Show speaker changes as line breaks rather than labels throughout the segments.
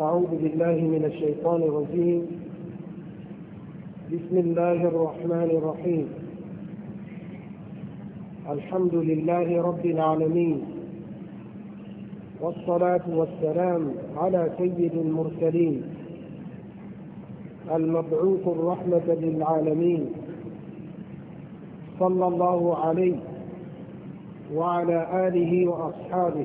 أعوذ بالله من الشيطان الرجيم بسم الله الرحمن الرحيم الحمد لله رب العالمين والصلاة والسلام على سيد المرسلين المبعوث الرحمة للعالمين صلى الله عليه وعلى آله وأصحابه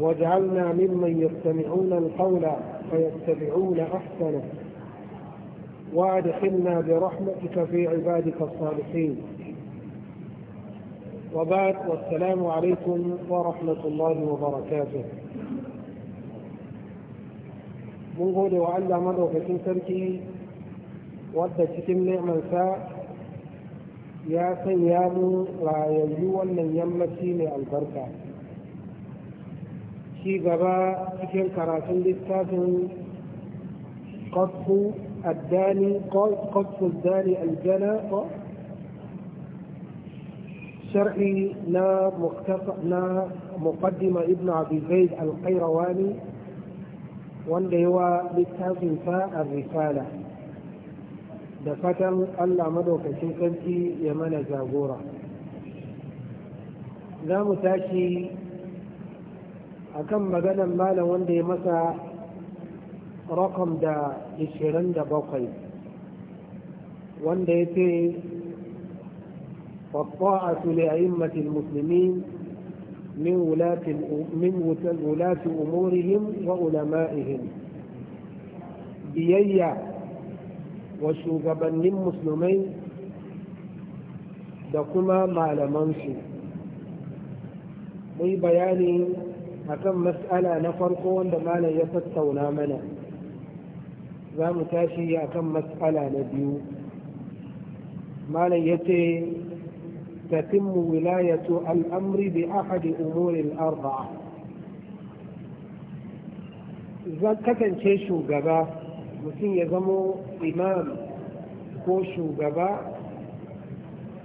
واجعلنا ممن يستمعون القول فيتبعون احسنه وادخلنا برحمتك في عبادك الصالحين وبعد والسلام عليكم ورحمة الله وبركاته من قول وعلى مرة في تركي ودى تتم cikin nemansa يا سيام لا يجوى من يمتي من albarka ci gaba cikin karatun littafin kotu addani kotu addani aljana shar'i na muƙaddima ibn abu zaid al-qairawani wanda yi wa a risala da fatan allah madaukakin kanti ya mana jagora za mu tashi akan maganan malam wanda ya masa rakam da 27 wanda ya ce فالطاعة لأئمة المسلمين من ولاة من ولاة أمورهم وعلمائهم بيية وشوغبنين مسلمين دكما معلمانسو. أي بياني akan mas'ala na farko wanda malam ya tattauna mana za mu tashi akan mas'ala na biyu malam ya ce تتم al'amri الأمر ahadi umurin arba'a zan kasance shugaba mutum ya zamo imam ko shugaba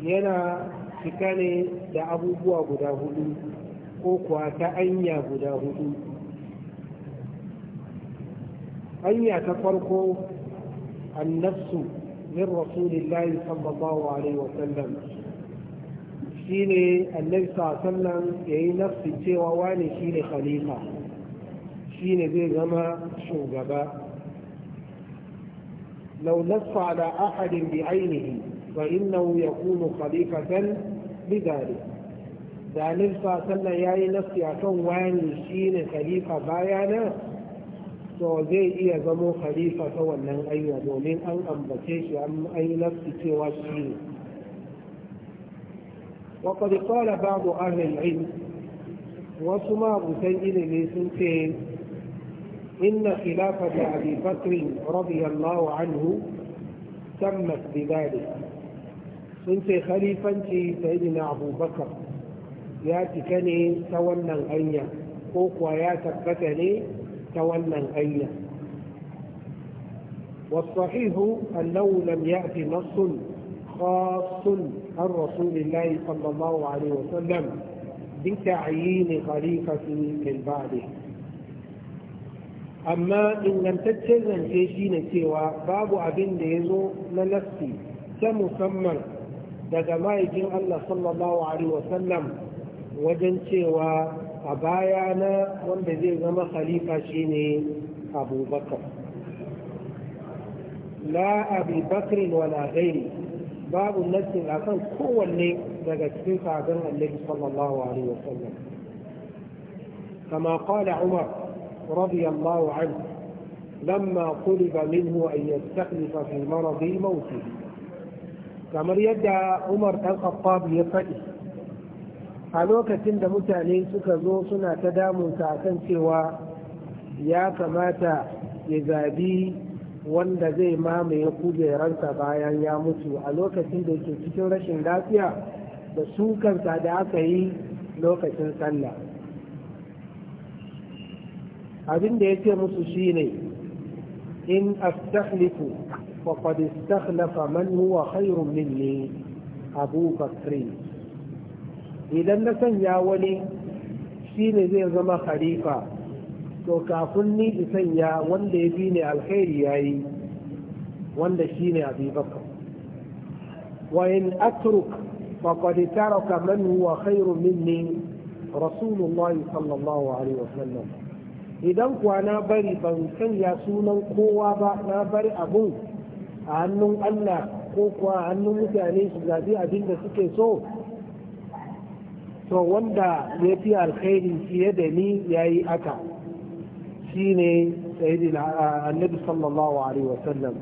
yana fita ne da abubuwa guda hudu ko kuwa ta anya guda hudu anya ta farko annafsu min rasulillahi sallallahu alaihi wasallam shi ne annabi sallam ya yi nafsi cewa wane shi ne khalifa shi ne zai zama shugaba لو نص على أحد بعينه فإنه يكون خليفة بذلك dalil fa sannan ya yi nafsi a kan wani shi ne khalifa bayana to zai iya zamo khalifa ta wannan ayyuka domin an ambace shi an yi nafsi cewa shi ne وقد قال بعض أهل العلم sun ce inna khilafa خلافة أبي بكر رضي الله عنه تمت بذلك سنت خليفة سيدنا أبو بكر ya cika ne ta wannan hanya ko kuwa ya tabbata ne ta wannan hanya والصحيح أنه لم يأتي نص خاص عن رسول الله صلى الله عليه وسلم بتعيين خليفة من بعده أما إن لم تتشذن في شيء سوى باب أبن ديزو لنفسي كمسمى daga الله صلى الله عليه وسلم wajen cewa a baya na wanda zai zama khalifa shine abubakar la abi bakrin wala gairi babu nassin akan kowanne daga cikin sabon annabi sallallahu alaihi wasallam kama qala umar radiyallahu anhu لما طلب منه أن يستخلف في kamar yadda umar يدعى عمر ya يفئه a lokacin da mutane suka zo suna ta damunsa a kan cewa ya kamata ya zabi wanda zai mamaye kujerarsa bayan ya mutu a lokacin da ke cikin rashin lafiya da sukansa da aka yi lokacin sallah abin da ya ce musu shine in astahlifu faqad istakhlafa man huwa khairun minni abu bakrin idan na sanya wani shi ne zai zama khalifa to kafin ni in sanya wanda ya bi ne alkhairi ya wanda shi ne abubakar wa in atruk faqad taraka man huwa khairu minni rasulullahi sallallahu alaihi wasallam idan kuwa na bari ban sanya sunan kowa ba na bari abun a hannun Allah ko kuwa hannun mutane su zabi abinda suke so to wanda ya fi alkhairi fiye da ni ya yi aka shi ne annabi sallallahu alaihi wasallam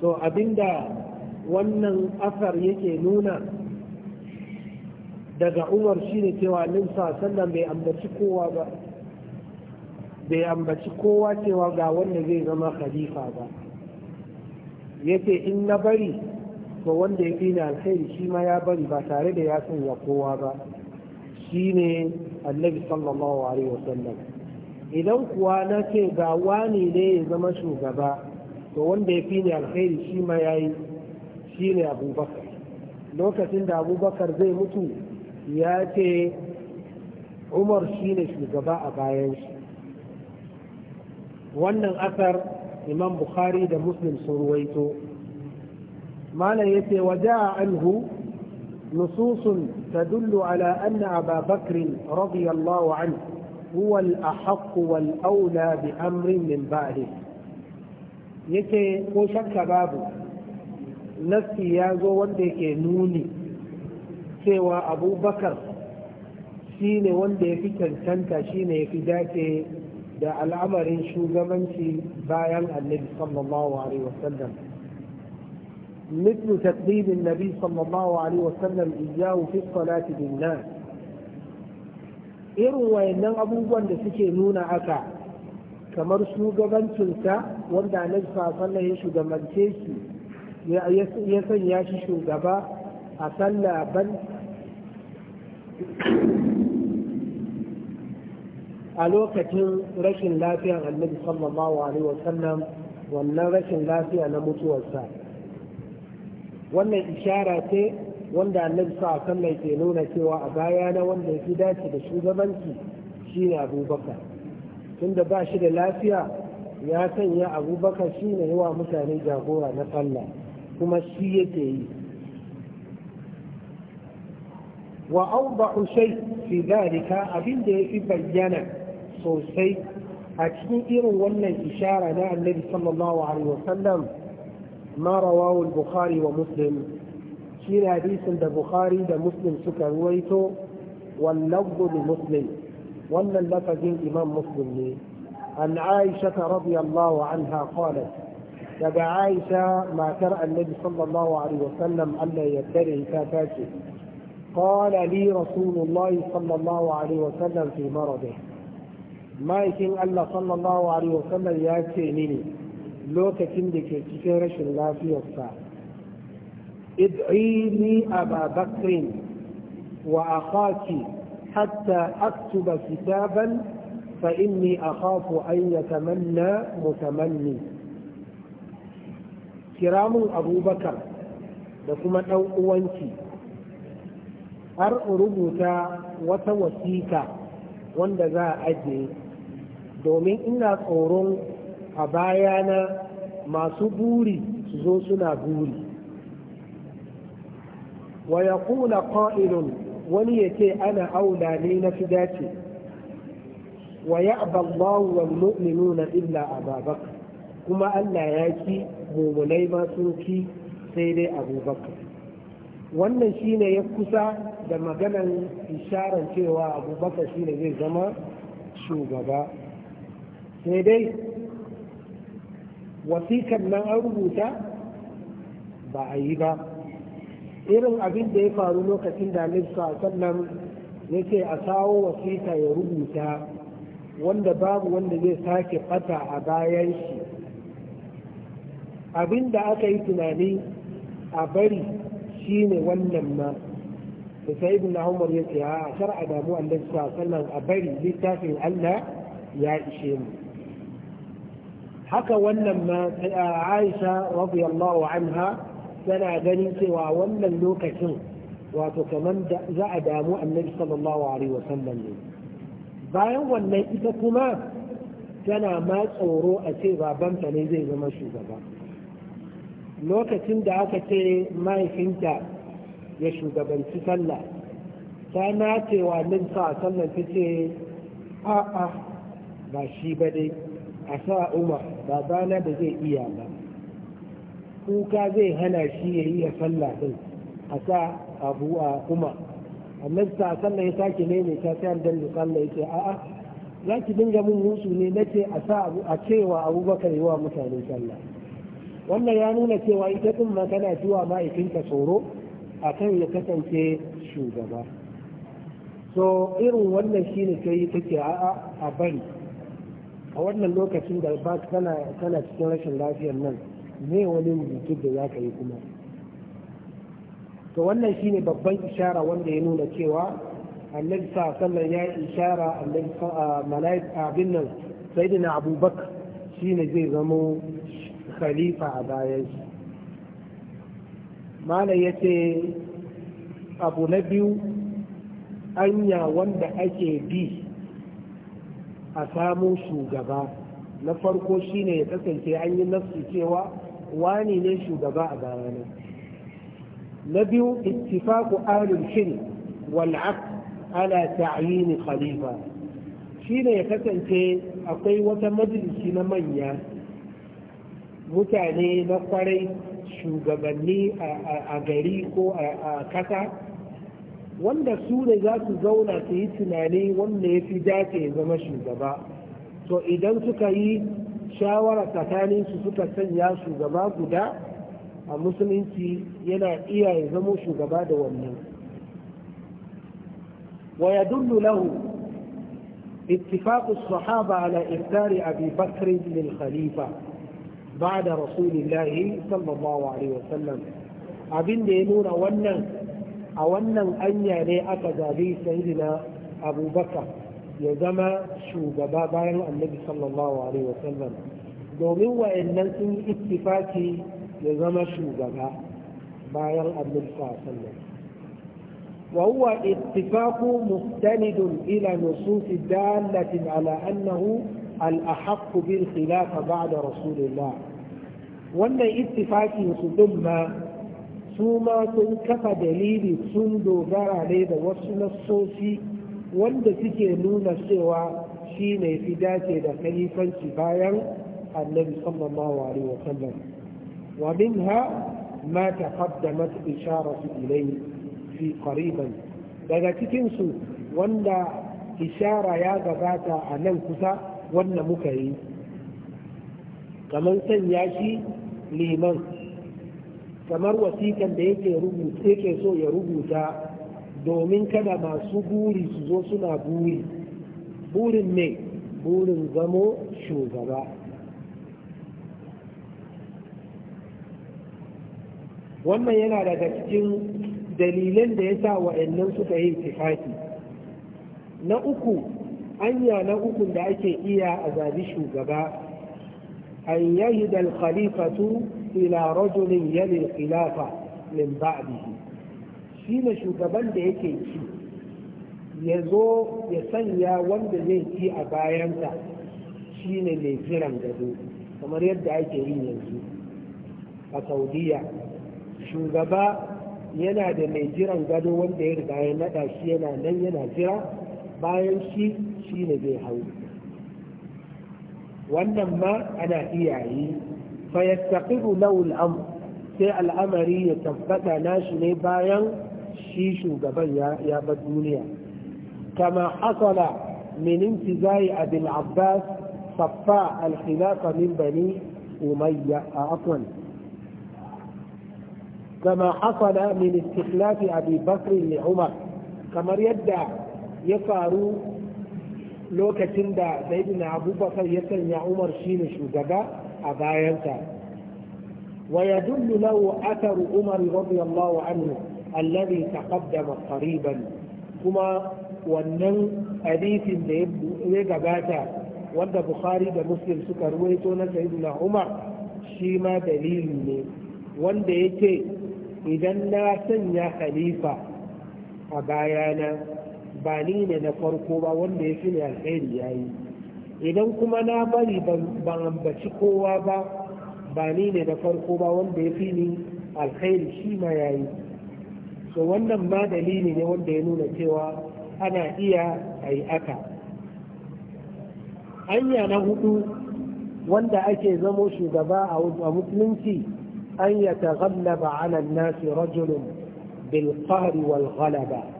so abinda wannan asar yake nuna daga umar shi ne cewa annabi sallallahu bai ambaci kowa ba bai ambaci kowa cewa ga wanda zai zama khalifa ba Yake in na bari to wanda ya fi ni alkhairi shi ma ya bari ba tare da ya sanya kowa ba Shi ne annabi sallallahu alaihi wasallam idan kuwa na ce ga wani ne ya zama shugaba to wanda ya fi ni alkhairi shi ma yayi ne abubakar lokacin da abubakar zai mutu ya ce umar shi ne shugaba a bayan shi wannan asar imam bukhari da muslim sun ruwaito malam yace waja anhu نصوص تدل على أن أبا بكر رضي الله عنه هو الأحق والأولى بأمر من بعده يكي قوشك بابه نفسي يازو وانديك نوني سوى أبو بكر شيني وانديك تنتنت شيني في ذاك العمر شو زمن في بايان النبي صلى الله عليه وسلم مثل تقديم النبي صلى الله عليه وسلم إياه في الصلاة بالناس irin wayannan abubuwan da suke nuna haka kamar shugabancinsa wanda annabi sallallahu ya shugabance shi ya sanya shi shugaba a sallah ban a lokacin rashin lafiyar annabi sallallahu alaihi wasallam wannan rashin lafiya na mutuwarsa wannan ishara ce wanda annabi sa sallan ke nuna cewa a baya na wanda ya fi dace da shugabanci shine abubakar tunda ba shi da lafiya ya sanya abubakar shine yawa mutane jagora na sallah kuma shi yake yi wa awdahu shay fi dhalika abin da yafi bayyana sosai a cikin irin wannan ishara na annabi sallallahu alaihi wasallam ما رواه البخاري ومسلم في حديث البخاري ده مسلم سكر واللفظ لمسلم ولا اللفظ إمام مسلم لي عن عائشة رضي الله عنها قالت يا عائشة ما ترى النبي صلى الله عليه وسلم ألا يدري كافاته قال لي رسول الله صلى الله عليه وسلم في مرضه ما يكين ألا صلى الله عليه وسلم يأتي مني lokacin da ke cikin rashin lafiyarsa id'ini aba bakrin wa akhaki hatta aktuba kitaban fa inni akhafu an yatamanna mutamanni kiramun abubakar da kuma ɗan uwanki har rubuta wata wasiƙa wanda za a ajiye domin ina tsoron a bayana masu buri su zo suna buri wa ya kuna ƙa'ilun wani ya ce ana aula ne na fi dace wa ya wa wal na illa babak kuma allah ya ki mummunai masu sun ki sai dai abubakar wannan shine ya kusa da maganan isharar cewa abubakar shine zai zama shugaba sai dai wasikan nan an rubuta ba a yi ba irin abin da ya faru lokacin da nisa sannan ya ce a kawo wasika ya rubuta wanda babu wanda zai sake fata a bayan shi abin da aka yi tunani a bari shi ne wannan ma da sai na umar ya ce a shar a damu allah sannan a bari littafin allah ya ishe mu haka wannan ma aisha radiyallahu anha tana ganin cewa wannan lokacin wato kamar za a damu annabi sallallahu alaihi wasallam ne bayan wannan ita kuma tana ma tsoro a ce babanta ne zai zama shugaba lokacin da aka ce mahaifinta ya shugabanci sallah ta nace wa nan sa ta ce a'a ba shi ba dai a sa umar babana da zai iya ba kuka zai hana shi ya yi ya sallah din a sa abu a umar annan sa sallah ya sake ne mai ta sayar da sallah ya ce a'a za ki dinga mun musu ne na ce a cewa abubakar yi wa mutane sallah wannan ya nuna cewa ita din ma tana zuwa ma'aikinta tsoro a kan ya kasance shugaba so irin wannan shi ne shine yi take a'a a bari a wannan lokacin da ba kana cikin rashin lafiyar nan ne wani rubutu da za ka kuma to wannan shi ne babban ishara wanda ya nuna cewa annabi sa sallan ya yi ishara annabi mala'ika abin nan sayyidina abubakar shine zai zamo khalifa a bayan shi malam ya ce abu na biyu anya wanda ake bi a samu shugaba na farko shine ya kasance an yi nafsi cewa wani ne shugaba a bayana na biyu ittifaqu arin shiri wal aqd ala ta'yin khalifa shine ya kasance akwai wata majalisi na manya mutane na kwarai shugabanni a gari ko a kasa wanda su ne za su zauna su yi tunani wanda ya fi dace ya zama shugaba to idan suka yi shawara tsakanin su suka sanya shugaba guda a musulunci yana iya ya zama shugaba da wannan wa ya dullu lahu اتفاق الصحابة على إختار أبي بكر للخليفة بعد رسول الله صلى abin da ya nuna wannan a wannan anya ne aka zabi sayyidina abubakar ya zama shugaba bayan annabi sallallahu alaihi wa sallam, domin wa'annan sun yi ittifaki ya zama shugaba bayan annabi sallallahu alaihi wa wasallam وهو اتفاق مستند إلى نصوص دالة على أنه الأحق بالخلافة بعد رسول الله وأن اتفاق يصدم su ma sun kafa dalili sun dogara ne da wasu nassosi wanda suke nuna cewa shi ne fi dace da khalifanci bayan annabi sallallahu alaihi wa sallam wa minha ma taqaddamat isharatu ilayhi fi qariban daga cikin su wanda ishara ya gabata a nan kusa wanda muka yi kamar sanya shi liman kamar wasiƙan da yake rubuta yake so ya rubuta domin kada masu buri su zo suna buri burin ne burin zamo shugaba wannan yana daga cikin dalilan da ya sa wa'annan suka yi tifaki na uku anya na uku da ake iya a zabi shugaba an dal khalifatu إلى رجل يلي الخلافة من بعده شين شوكبان ده يكي يزو يسنيا وند زي أبايانتا شين اللي جيران gado kamar yadda ake yi yanzu a saudiyya shugaba yana da mai jiran gado wanda ya riga ya nada shi yana nan yana jira bayan shi shi ne zai hau wannan ma ana iyaye. فيستقر له الامر في الامر يتفتى ناش نبايان شيشو قبل يا بدونيا كما حصل من انتزاع ابي العباس صفاء الخلافة من بني امية آه، عفوا كما حصل من استخلاف ابي بكر لعمر كما يدع يصاروا لو كتندا سيدنا ابو بكر يسلم يا عمر شين شو a bayansa wa yadullu lahu atharu umar radiyallahu anhu alladhi taqaddama qariban kuma wannan hadisin da ya gabata wanda bukhari da muslim suka ruwaito na sayyidina umar shi ma dalili ne wanda yake idan na sanya khalifa a bayana ba ni ne na farko ba wanda ya fi ne alheri yayi idan kuma na bari ban ambaci kowa ba ba ni ne da farko ba wanda ya fi ni alkhairi shi ma ya yi so wannan ma dalili ne wanda ya nuna cewa ana iya a yi aka anya na hudu wanda ake zamo shugaba a musulunci an ya taghallaba ala nasi rajulun bil qahri wal ghalaba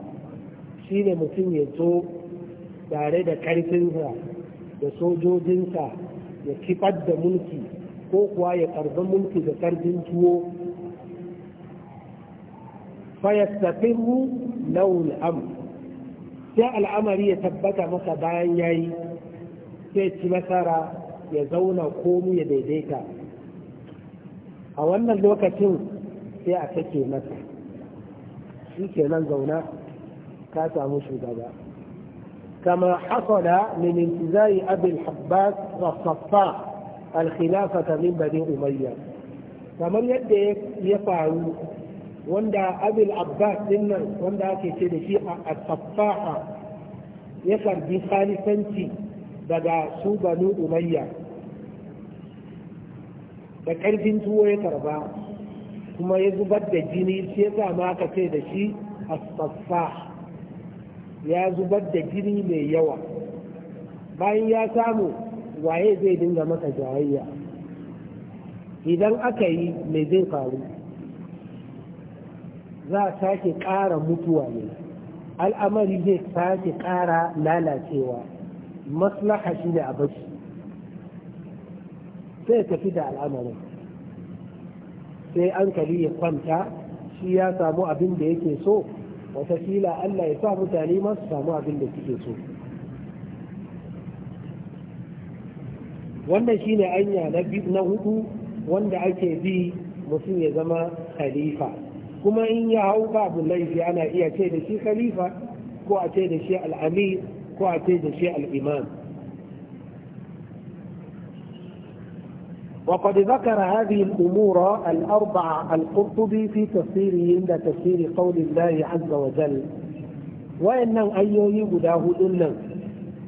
shine mutum ya zo tare da karfinsa da sojojinsa ya kifar da mulki ko kuwa ya karbi mulki da karbin tuwo fayastafiru laun am sai al'amari ya tabbata masa bayan yayi sai ci nasara ya zauna komu ya daidaita a wannan lokacin sai a take masa shi kenan zauna ka samu shugaba كما حصل من انتزاع أبي الحباس والصفاع الخلافة من بني أمية kamar yadda ya faru wanda abil abbas din wanda ake ce da shi a tsaffaha ya karbi khalifanci daga su banu umayya da karfin tuwo ya karba kuma ya zubar da jini sai ya ma aka ce da shi a tsaffaha ya zubar da jini mai yawa bayan ya samu waye zai dinga masa jayayya idan aka yi mai zai faru za a sake ƙara mutuwa ne al'amari zai sake ƙara lalacewa maslaha shi ne a bashi sai tafi da al'amarin sai an kari ya kwanta shi ya samu abin da yake so watakila Allah ya sa mutane ma su samu abin da suke so wannan shine anya na hudu wanda ake bi mutum ya zama khalifa kuma in ya hau babu laifi ana iya ce da shi khalifa ko a ce da shi al'amir ko a ce da shi al'imam وقد ذكر هذه الأمور الأربعة القرطبي في تفسيره عند تفسير قول الله عز وجل وإن أيوه قداه إلا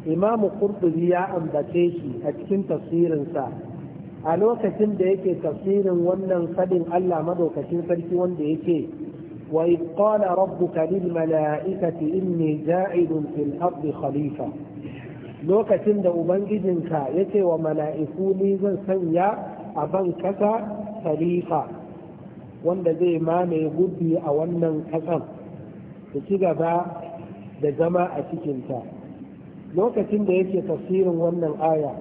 إمام قرطبي يا أم بكيشي أتكن تفسير سا ألوكة ديك تفسير ونن فدن ألا مدو كتن فلك ون ديك وإذ قال ربك للملائكة إني جاعل في الأرض خليفة lokacin da ubangijinka ya ce wa mala'iku ni zan sanya a ban kasa khalifa wanda zai mamaye gudbi a wannan kasan da ci gaba da zama a cikinta lokacin da yake tafsirin wannan aya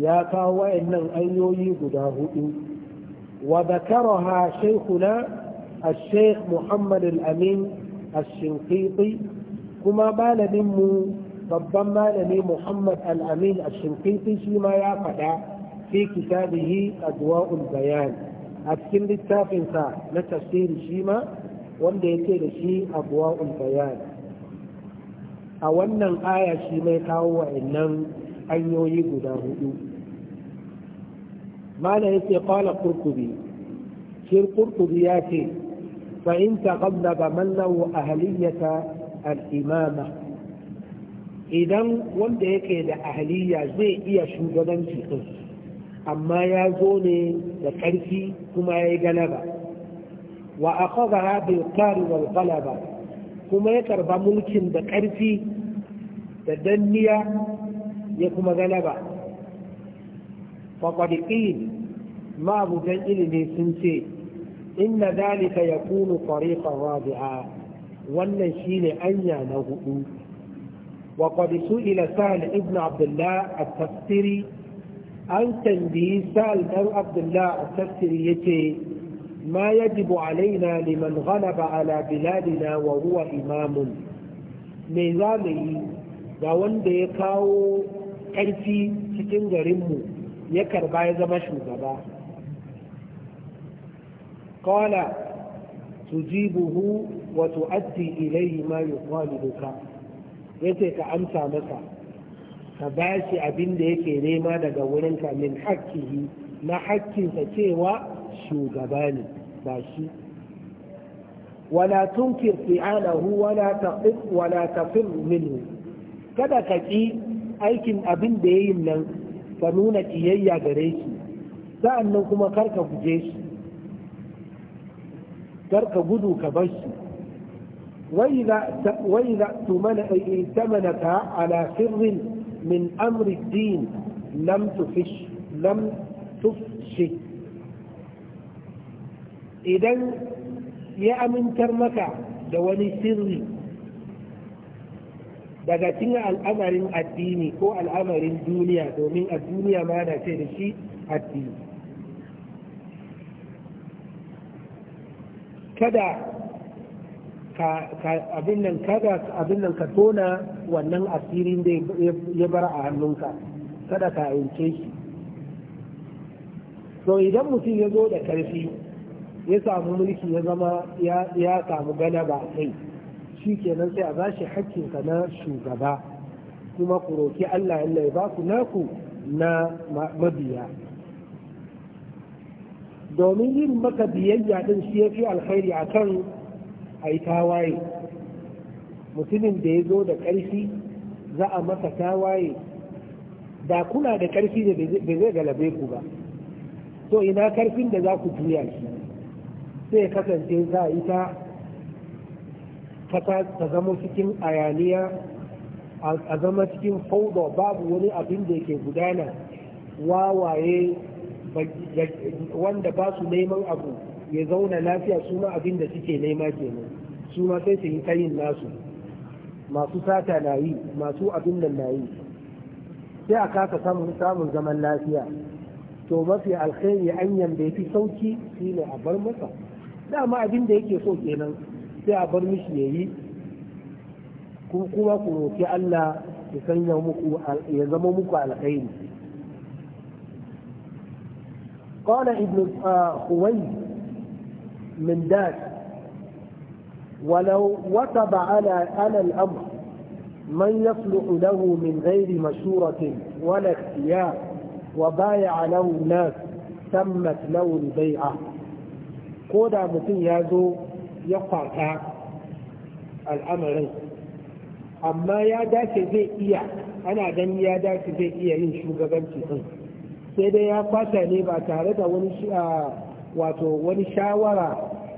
ya kawo wayannan ayoyi guda hudu wa zakaraha shaykhuna muhammad al amin الشنقيطي كما بال babban malami Muhammad Al-Amin a Shinkifi shi ma ya faɗa A في كتابه أدواء البيان أكثر للتافن لتفسير shima, wanda yake da shi abuwa'ul bayan a wannan aya shi mai kawo wa'annan hanyoyi guda hudu mana yake kwana kurkubi shi kurkubi ya ce fa'in ta gaba mallawo a haliyyata al'imama idan wanda yake da ahaliya zai iya shugabanci ɗin amma ya zo ne da ƙarfi kuma ya yi galaba wa akwaba ha bil kari galaba kuma ya karba mulkin da ƙarfi da danniya ya kuma galaba faƙwaɗiƙin ma'abujan ilimi sun ce inna zalika ya kunu ƙwariƙan rabi'a wannan shine anya na hudu وقد ila سهل ابن Abdullah a التفسيري an tambayi sa'al ɗan abdullah a tafsiri yace ma ya yajibu alaina liman ghalaba ala biladina wa ruwa imamun me za mu yi ga wanda ya kawo ƙarfi cikin garinmu ya karba ya zama shugaba su ji buhu wa tu'addi ilayhi ma yuqalu ya ce ka amsa masa ka ba shi abin da yake nema daga wurinka min hakkihi na hakkinsa cewa shugaba ne ba shi wala tunkir anahu wala taqif wala taqim minhu kada ka ki aikin abin da yayin nan ka nuna kiyayya gare shi sa'annan kuma kar ka guje shi kar ka gudu ka bar shi tumana ay ائتمنك ala sirrin min amri din lam tufish idan ya amintar maka da wani sirri daga cikin al'amarin addini ko al'amarin duniya domin a duniya ma na ce da shi addini kada abin nan kada abin nan ka tona wannan asirin da ya bar a hannunka kada ka ayince shi to idan mutum ya zo da karfi ya samu mulki ya zama ya samu gana ba kai shi kenan sai a shi hakkinka na shugaba kuma ku roki Allah Allah ya ku naku na mabiya domin yin maka biyayya din shi fi alkhairi akan a yi tawaye mutumin da ya zo da ƙarfi za a masa tawaye da kuna da ƙarfi da zai galabe ku ba to ina ƙarfin da za ku juya shi sai kasance za a yi ta ta zama cikin ayaniya a zama cikin fauda babu wani abin da yake gudana wawaye wanda ba su neman abu ya zauna lafiya su ma abin da suke nema kenan su ma sai su yi kayin nasu masu sata na yi masu abin nan na yi sai a kasa samun samun zaman lafiya to mafi alkhairi an ya fi sauki ne a bar masa dama abin da yake so kenan sai a bar mishi ya yi. kuma ku roƙi Allah ya sanya muku ya zama muku alkhairi قال ابن خويلد من ذاك ولو وتب على على الأمر من يصلح له من غير مشورة ولا اختيار وبايع له الناس تمت له البيعة قد متين يازو يقطع الأمر أما يا داك زي إياه أنا gani ya زي إيا iya yin shugabanci din sai dai ya kwata ne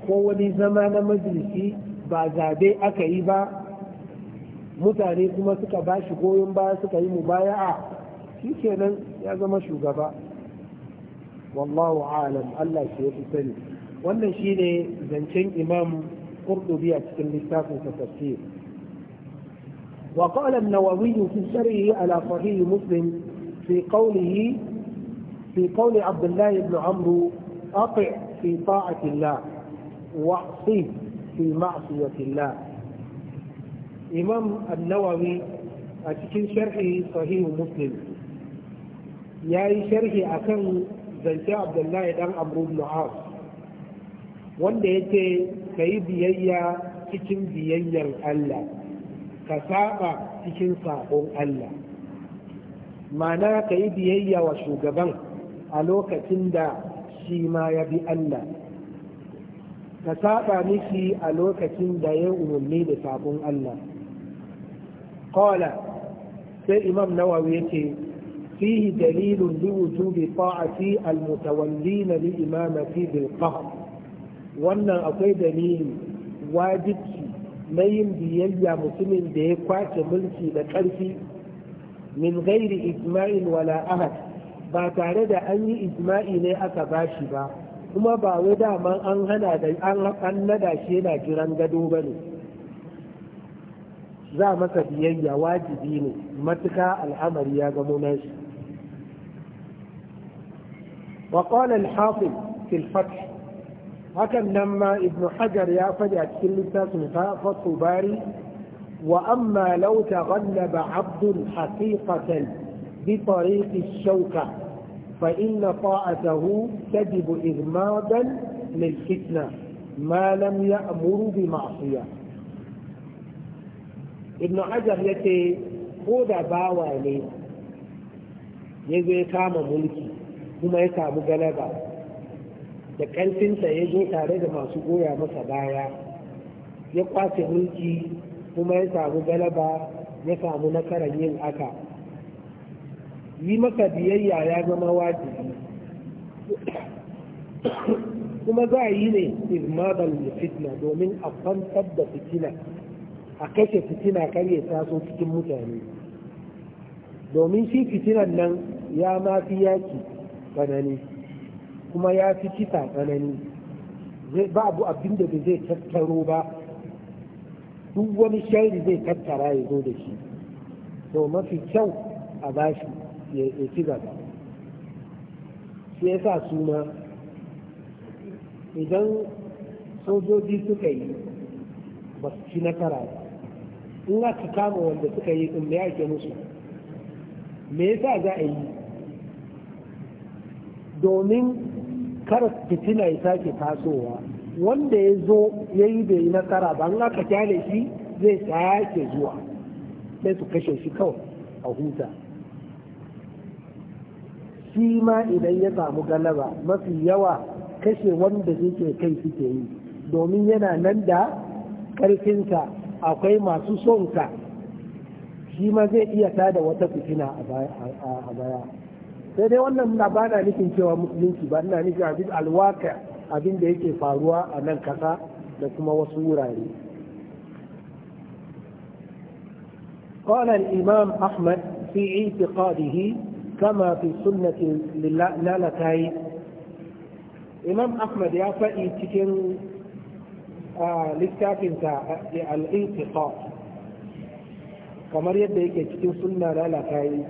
ko wani zama na majalisi ba zabe aka yi ba mutane kuma suka ba shi goyon baya suka yi mu mubaya'a shi kenan ya zama shugaba wallahu alam Allah shi ya fi sani wannan shine zancen imam qurtubi a cikin littafin sa tafsir وقال النووي في شرعه على صحيح مسلم في قوله في قول عبد الله بن عمرو أطع في طاعة الله واعصي في معصية الله إمام النووي أتكين شرحه صحيح مسلم ياي شرحي أكن zance Abdullahi dan Amru ibn As wanda ka yi biyayya cikin biyayyar Allah ka saba cikin sabon Allah mana ka yi biyayya wa shugaban a lokacin da shi ma ya bi Allah ka saba miki a lokacin da ya umarni da sabon Allah Kola, sai imam nawawi yake fihi dalilun li wujubi ta'ati al na li imamati bil wannan akwai dalili wajibci na yin biyayya mutumin da ya kwace mulki da ƙarfi min gairi Isma'il wala ahad ba tare da an yi Isma'il ne aka bashi ba kuma ba wai dama an hana da an nada shi yana jiran gado ba ne za masa biyayya wajibi ne matuka al'amari ya gamo na shi وقال الحافظ hakan nan ma ibnu hajar ya faɗi a cikin littafin fatu bari wa amma law taghallaba Abdul haqiqatan bi tariqi shauka فإن طاعته تجب إغماضا للفتنة ما لم يأمر بمعصية ابن حجر يتي كودا باوا ne ya zo ya kama mulki kuma ya samu galaba da ƙarfinsa ya zo tare da masu goya masa baya ya kwace mulki kuma ya samu galaba ya samu nasarar yin haka. yi maka biyayya ya zama wajibi kuma za a yi ne izmadal fitna domin a kwantar da fitina a kashe fitina karye taso cikin mutane domin shi fitinan nan ya ma fi yaki tsanani kuma ya fi kisa tsanani babu abin da zai tattaro ba duk wani shari zai tattara ya zo da shi to mafi kyau a bashi ya ci gaba shi ya sa suna idan sojoji suka yi ba su ci nasara ba in ka kama wanda suka yi in ya ake musu me ya sa za a yi domin kar fitina ya sake tasowa wanda ya zo ya yi bai yi nasara ba in aka kyale shi zai sake zuwa sai su kashe shi kawai a huta shi ma idan ya samu galaba mafi yawa kashe wanda suke kai suke yi domin yana nan da ƙarfinsa akwai masu sonka shi ma zai iya tada wata fitina a baya sai dai wannan na ba na nufin cewa musulunci ba ina nufin abin alwaka abin da yake faruwa a nan kasa da kuma wasu wurare قال الإمام أحمد في اعتقاده kama fi sunnatin lalatayi imam ahmad ya faɗi cikin littafinsa al'intiqa kamar yadda yake cikin sunna lalatayi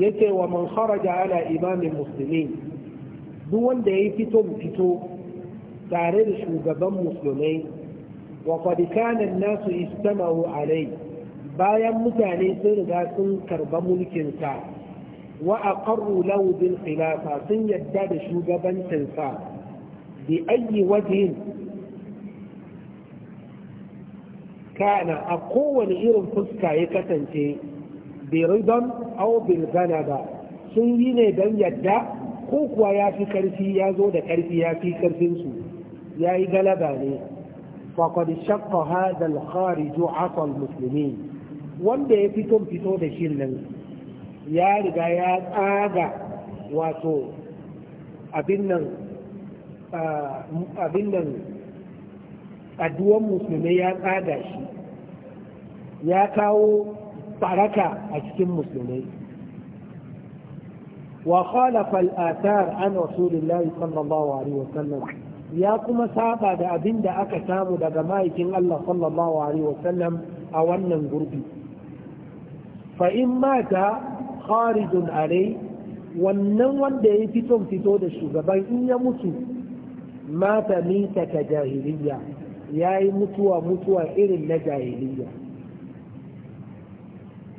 yake wa man kharaja ala imamin musulmi duk wanda ya yi fito fito tare da shugaban musulmai wa qad nasu istama'u alayhi bayan mutane sun riga sun karba mulkinsa wa aqarru lahu bil khilafa sun yadda da shugabancinsa bi ayi wajhin kana a kowane irin fuska ya kasance bi ridan aw bil ganaba sun yi ne don yadda ko kuwa ya fi karfi ya zo da karfi ya fi karfinsu ya yi galaba ne faƙad shakka hadal khariju asal musulmi wanda ya fito fito da shi nan ya riga ya tsaga wato abin nan aduwan musulmai ya tsaga shi ya kawo baraka a cikin musulmai wa khalafa al'atar an rasulullahi sallallahu alaihi sallam ya kuma saba da abin da aka samu daga ma'aikin allah sallallahu alaihi sallam a wannan gurbi fa in mata kharijun alai wannan wanda ya fiton fito da shugaban in ya mutu mata minka ta jahiliya ya yi mutuwa mutuwa irin na jahiliya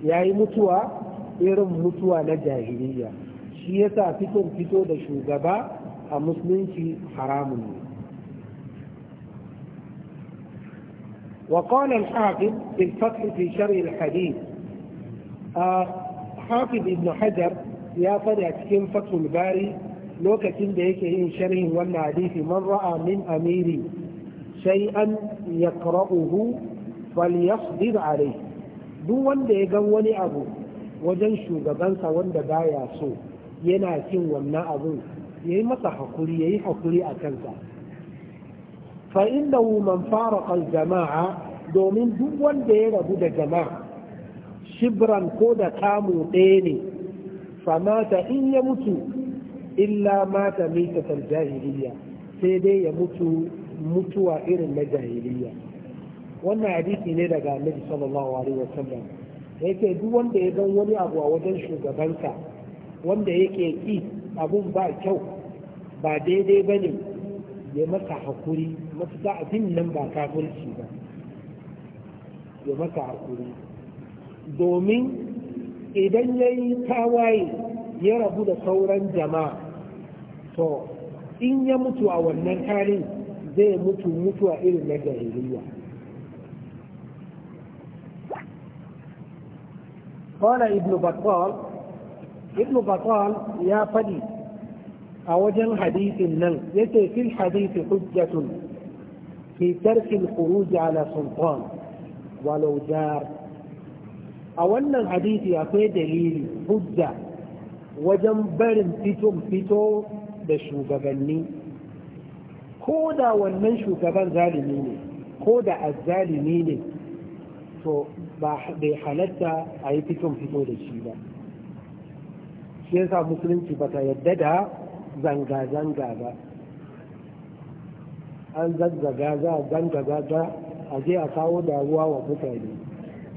ya yi mutuwa irin mutuwa na jahiliya shi yasa fiton fito da shugaba a musulunci haramun ne وقال الحافظ في الفتح في شرع الحديث A hafiz ibn hajar ya faɗi a cikin fatul bari lokacin da yake yin sharhin wannan hadisi man ra'a min amiri shay'an yaqra'uhu falyasbir alayhi duk wanda ya ga wani abu wajen shugabansa wanda baya so yana kin wannan abin yayi masa hakuri yayi hakuri a kansa fa innahu man faraqa al-jama'a domin duk wanda ya rabu da jama'a shibran ko da kamu ɗaya ne famata in ya mutu illa mata mitatar jahiliya sai dai ya mutu mutuwa irin na jahiliya wannan hadisi ne daga annabi sallallahu alaihi wasallam yake duk wanda ya gan wani abu a wajen shugabanka wanda yake ki abun ba kyau ba daidai ba ne ya masa hakuri matuƙa abin nan ba kafirci ba ya masa hakuri domin idan ya yi tawaye ya rabu da sauran jama'a to in ya mutu a wannan tarin zai mutu mutu a irin na jahiliya kwana ibnu batal ya faɗi a wajen hadisin nan ya ce fil hadisi hujjatun fi tarkin kuru ala sultan walau a wannan hadisi akwai dalili hujja wajen barin fiton fito da shugabanni ko da wannan shugaban zalimi ne ko da azzalimi ne to ba da halatta a yi fiton fito da shi ba shi yasa musulunci ba ta yadda da zanga-zanga ba an zazzaga za a zanga-zaga a je a kawo da ruwa wa mutane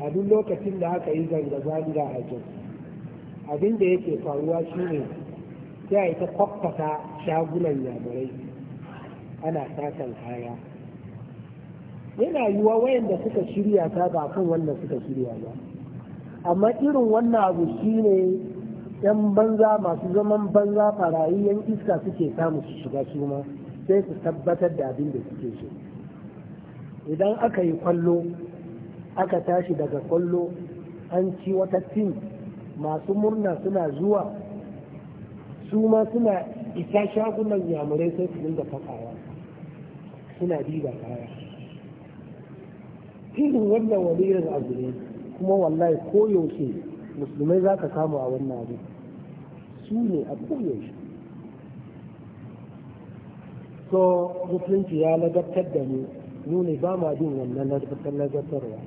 a duk lokacin da aka yi zanga-zanga a jin abin da yake faruwa shine sai a yi ta kwakwata shagunan yamurai ana satan kaya yana yiwuwa wayanda suka shirya ta ba kan wannan suka shirya ba amma irin wannan abu shine yan banza masu zaman banza farayi yan iska suke samu su shiga suma sai su tabbatar da abin da suke so idan aka yi kwallo aka tashi daga kwallo an ci wata tim masu murna suna zuwa su ma suna isa shagunan yamurai sai su dinga fakawa suna diba kaya irin wannan wani abu ne kuma wallahi koyaushe musulmai za ka samu a wannan abu su ne a koyaushe so musulunci ya nagartar da ni, nune ba ma bin wannan nagartarwa.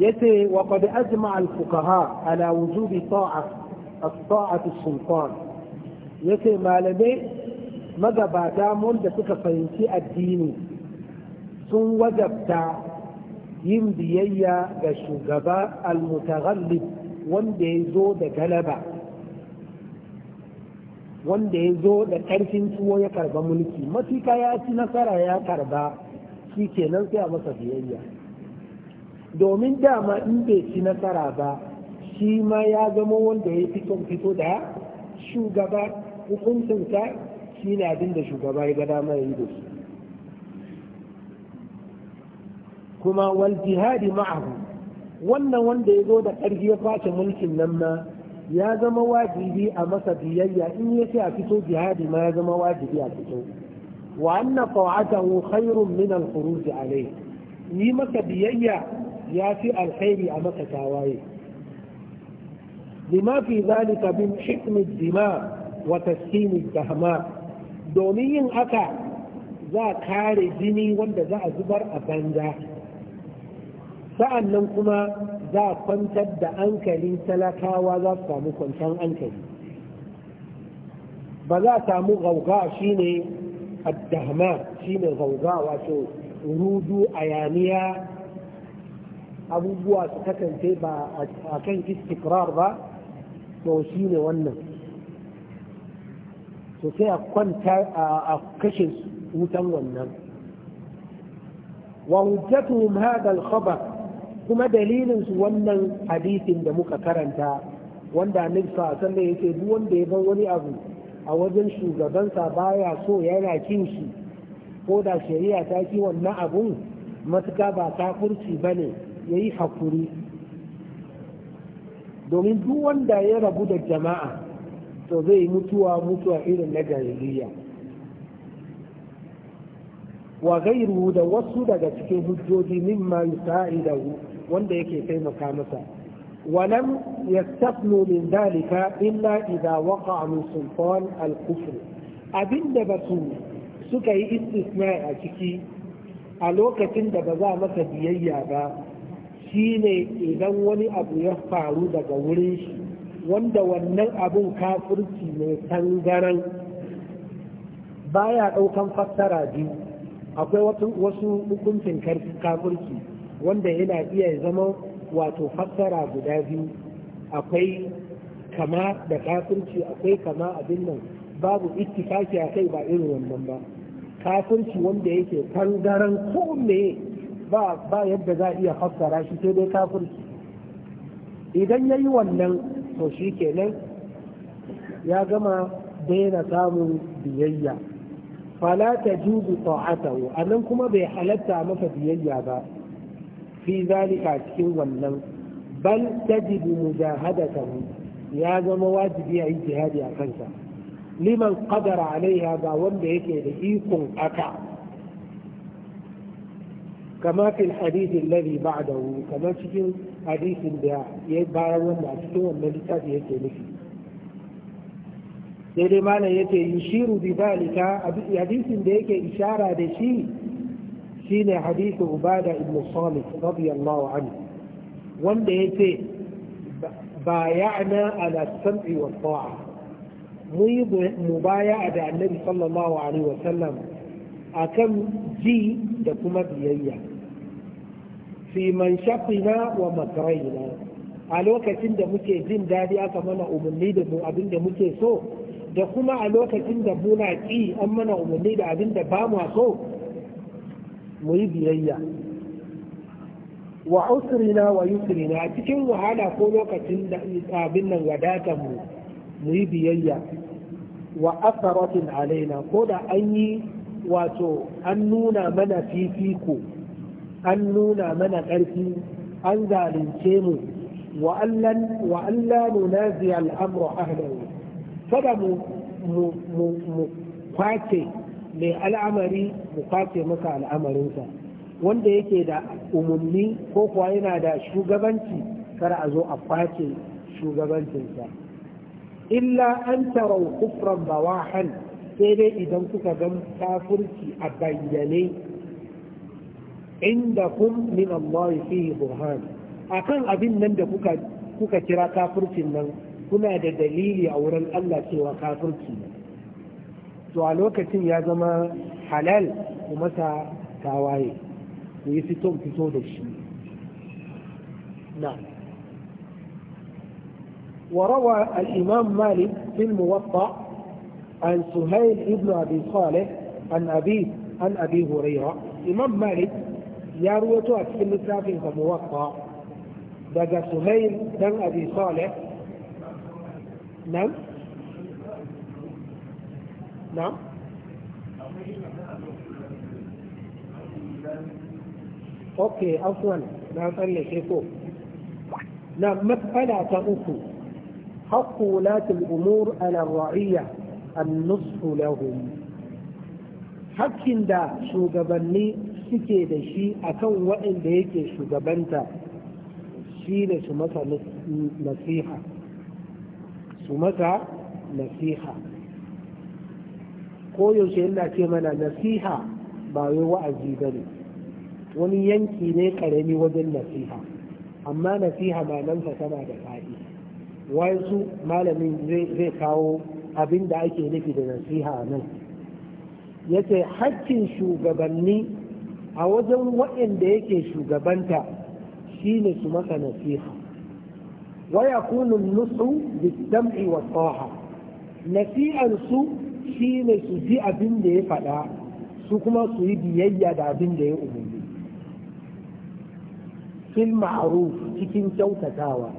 yace wa qad ajma al fuqaha ala wujubi ta'a as-ta'at as-sultan yace malamai magabata mun da suka fahimci addini sun wajabta yin biyayya ga shugaba al-mutaghallib wanda ya zo da galaba wanda ya zo da ƙarfin tuwo ya karba mulki mafika ya ci nasara ya karba shi kenan sai a masa biyayya domin dama in bai ci nasara ba shi ma ya zama wanda ya fito fito da shugaba hukuncinsa shi ne abin da shugaba ya gada mai yi da shi kuma wal jihadi ma'ahu wannan wanda ya zo da ƙarfi ya kwace mulkin nan ma ya zama wajibi a masa biyayya in ya ce a fito jihadi ma ya zama wajibi a fito wa anna qawatahu khairun min al-khuruj alayhi yi masa biyayya ya fi alkhairi a maka tawaye lima fi zalika bin hikmi dima wa taskini dahma domin yin haka za kare jini wanda za a zubar a banza sa'annan kuma za a kwantar da hankalin talakawa za su samu kwantar hankali ba za a samu gauga shine addahma shine gauga wato rudu yaniya abubuwa su kasance ba a kan istikrar ba to shi ne wannan to sai a kwanta a kashe wutan wannan wa hujjatuhum hadha khabar kuma dalilin su wannan hadisin da muka karanta wanda annabi sallallahu yake duk wanda ya bar wani abu a wajen shugabansa baya so yana kin shi ko da shari'a ta ki wannan abun matuka ba ta ba bane ya yi haƙuri domin duk wanda ya rabu da jama'a to zai mutuwa mutuwa irin na jahiliya wa gairu da wasu daga cikin hujjoji min mimma yusa'idahu wanda yake taimaka masa ولم يستثنوا من ذلك إلا إذا وقع من سلطان الكفر أبن دبسو سكي استثناء أتكي a lokacin da ba za masa biyayya ba shine idan wani abu ya faru daga wurin shi wanda wannan abun kafirci mai tangaran baya ɗaukan fassara biyu akwai wasu hukuncin kafirci wanda yana iya zama wato fassara guda biyu akwai kama da kafirci akwai kama abin nan babu ittifaki a kai ba irin wannan ba kafirci wanda yake tangaran ko me ba yadda za a iya fassara shi sai dai kafirci idan ya yi wannan to shi kenan ya gama daina samun biyayya fala ta jubu ta'atahu anan kuma bai halatta masa biyayya ba fi zalika cikin wannan bal tajibu mujahadatahu ya zama wajibi a yi jihadi a kansa liman qadara alaiha ga wanda yake da ikon aka kama fil hadithin ladhi ba'dahu kamar cikin hadisin da ya bayan wanda a cikin wannan littafi yake nufi sai dai malam yake yushiru bi zalika hadisin da yake ishara da shi shine hadisin ubada ibn salih radiyallahu anhu wanda yace bayana ala sam'i wa ta'a mun yi mubaya'a da annabi sallallahu alaihi wa ji da kuma biyayya fi man shaqina wa makraina a lokacin da muke jin dadi aka mana umarni da abin da muke so da kuma a lokacin da muna ƙi an mana umarni da abin da ba mu so mu yi biyayya wa usrina wa yusrina a cikin wahala ko lokacin da abin nan wadata mu mu yi biyayya wa asaratin alaina ko da an yi wato an nuna mana fifiko an nuna mana ƙarfi an zalunce mu wa Allah nunazi al'amru ahlahu kada mu kwace mai al'amari mu kwace maka al'amarinsa wanda yake da umarni ko kuwa yana da shugabanci kar a zo a kwace shugabancinsa illa an tarau kufran bawahan sai dai idan kuka gan kafurci a bayyane عندكم من الله فيه برهان اكن أبين من دا كوكا كوكا ترى كافر تنن كنا دا دليل أورا الألا سوى كافر تنن سؤال وقت يا زما حلال ومسا كاواي ويسيتم في صود الشيء نعم وروى الإمام مالك في الموطأ عن سهيل ابن أبي صالح عن أبي عن أبي هريرة الامام مالك ya ruwato a cikin littafin ka muwaffa daga suhail dan abi saleh nan nan ok afwan na tsallake ko na matsala ta uku حق latin umur على الرعية النصح لهم حق da shugabanni. suke da shi akan waɗanda yake shugabanta shi ne su masa nasiha su masa nasiha ko yaushe yana ce mana nasiha ba wai wa'azi ba ne wani yanki ne karami wajen nasiha amma nasiha malamsa tana da faɗi wasu malamin zai kawo abin da ake nufi da nasiha nan yace hakkin shugabanni a wajen waɗanda yake shugabanta shine su masa nasiha waya kunun da bisam'i wa tsoha shi shine su ji abin da ya faɗa su kuma su yi biyayya da abin da ya umarni fil ma'ruf cikin kyautatawa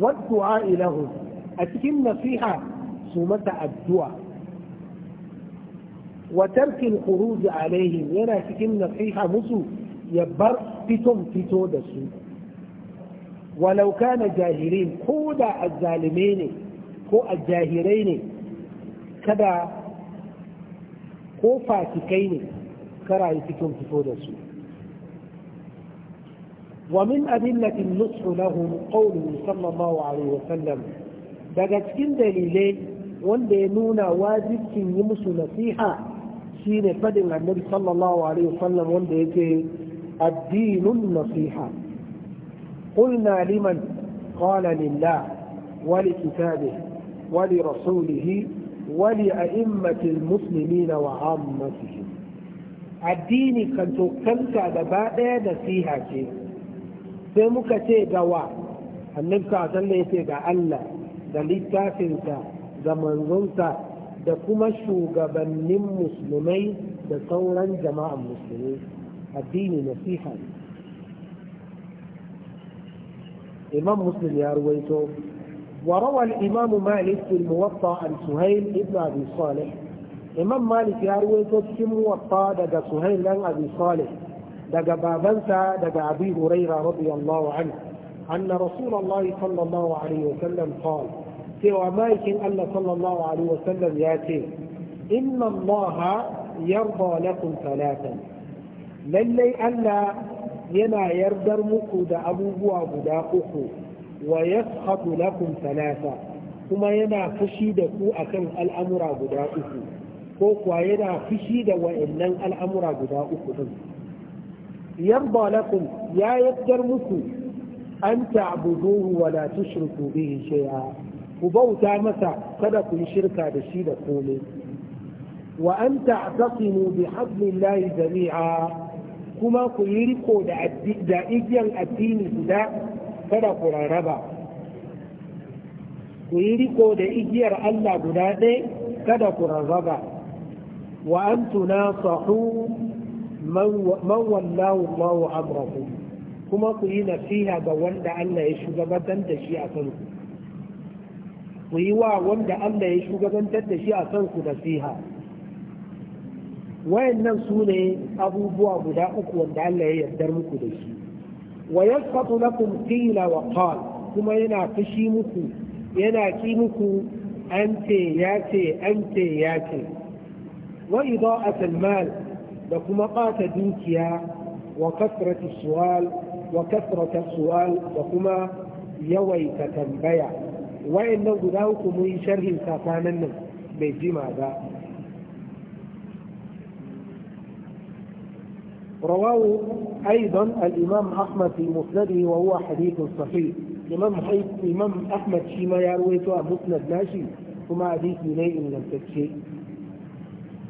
waddu'a ilahu a cikin nasiha su mata addu'a wa tarkil khuruj alaihim yana cikin nasiha musu ya bar fiton fito da su walau kana jahilin ko da azzalime ne ko ajahirai ne kada ko fasikai ne yi cikin fito da su ومن أدلة النصح لهم قوله صلى الله عليه وسلم daga cikin dalilai wanda ya nuna wajibcin yi musu nasiha shi ne fadin annabi sallallahu alaihi wasallam wanda yake addinun nasiha qulna liman qala lillah wa li kitabih wa li rasulih wa li a'immati almuslimin wa ammatihi addini kan tokanta gaba ɗaya da siha ce sai muka ce ga wa annabi sallallahu alaihi wasallam ya ce ga Allah da littafinsa da manzonsa da kuma shugabannin musulmai da sauran jama'an musulmi addini nasiha ne imam muslim ya ruwaito وروى الإمام مالك في الموطأ عن سهيل بن أبي صالح إمام مالك يا رويته في الموطأ دقى سهيل بن أبي صالح دقى بابنسى دقى أبي هريرة رضي الله عنه أن رسول الله صلى الله عليه وسلم قال cewa ma'aikin Allah sallallahu alaihi wasallam ya ce inna Allah yarda lakum salatan lallai Allah yana yardar muku da abubuwa guda uku wa yashabu lakum talata, kuma yana fushi da ku akan al'amura guda uku ko kuwa yana fushi da wa'annan al'amura guda uku din yarda lakum ya yardar muku an ta'buduhu wa la tushriku bihi shay'a ku bauta masa kada ku yi shirka da shi da komai wa an ta'tasimu bi hablillahi jami'a kuma ku yi riko da da igiyan addini guda kada ku rarraba ku yi riko da igiyar Allah guda ɗaya kada ku rarraba wa an tunasahu man wallahu Allahu amrahu kuma ku yi nasiha ga wanda Allah ya shugabantar da shi a kanku ku yi wa wanda Allah ya shugabantar da shi a kan ku nasiha wayannan su ne abubuwa guda uku wanda Allah ya yardar muku da shi wa yasqatu lakum qila wa qal kuma yana fushi muku yana ki muku an ce ya ce an ce ya ce wa ida'at al-mal da kuma ɓata dukiya wa kasratu su'al wa kasratu su'al da kuma yawaita tambaya wa'in nan guda uku mun yi sharhin tsakanin رواه أيضا الإمام أحمد في مسنده وهو حديث صحيح إمام حيث إمام أحمد شيما يرويته مسند ناشي ثم حديث ليه إن لم تكشي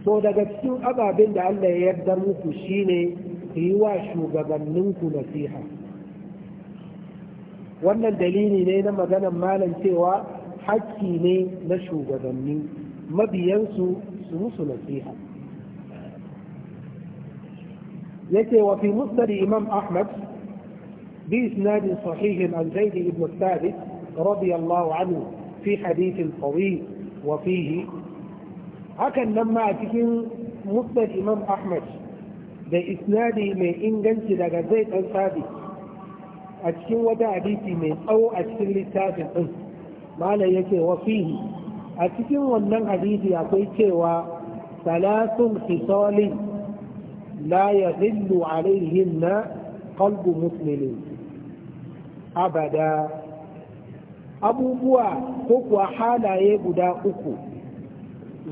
سو دقتشو أبا بند ألا يقدر مكو هي واشو نصيحة wannan dalili ne na maganan malam cewa hakki ne na shugabanni mabiyansu su musu nasiha yake wa fi musnad imam ahmad bi بإسناد sahih an zaid ibn الثابت radiyallahu anhu fi hadith حديث wa fihi hakan nan ma cikin musnad imam ahmad da isnadi mai inganci daga zaid an sabi a cikin wata hadisi mai tsawo a cikin littafin din malam yake wa fihi a cikin wannan hadisi akwai cewa salatun fisali la yadillu na qalbu muslimin abada abubuwa ko kuwa halaye guda uku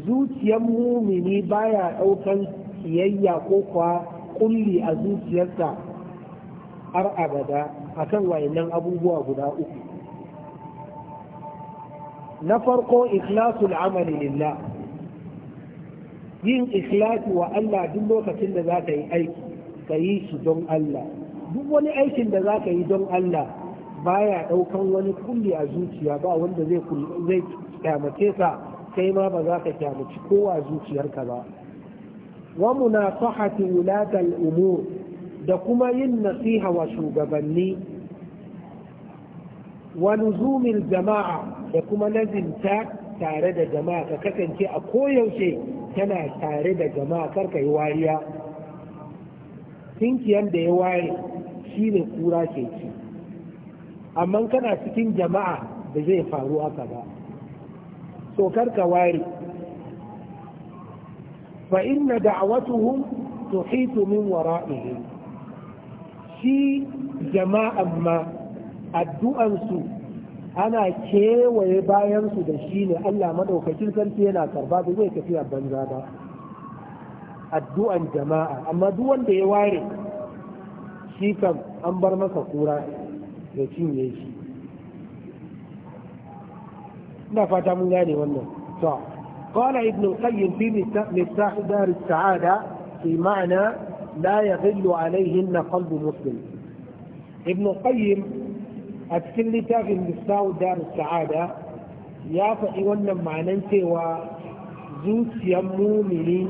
zuciyar mumini baya daukan kiyayya ko kuwa kulli a zuciyarsa har abada akan wayannan abubuwa guda uku na farko ikhlasul amali lillah yin ikhlasi wa Allah duk lokacin da za ka yi aiki ka yi shi don Allah duk wani aikin da za ka yi don Allah baya ɗaukan wani kulli a zuciya ba wanda zai kyamace ka kai ma ba za ka kyamaci kowa zuciyarka ba wa munasahati wulatal umur da kuma yin nasiha wa shugabanni wa nuzumin jama'a da kuma lazimta tare da jama'a ka kasance a koyaushe tana tare da jama'a karka yi wariya tinkiyan da ya waye shi ne kura ke ci amma kana cikin jama'a da zai faru haka ba so karka ware fa inna da'awatuhum tuhitu min wara'ihim shi jama'an ma addu'ansu ana kewaye bayansu da shi ne Allah maɗaukacin sarki yana karba ba zai tafiya banza ba addu'an jama'a amma duk wanda ya ware shi kan an bar masa kura da cinye shi ina fata mun gane wannan to قال ابن القيم في مفتاح دار السعادة في معنى لا يغل عليهن قلب مسلم ابن القيم أتكل لتاغي المستاو دار السعادة يا فإيوانا معنان سوى زوت يمومني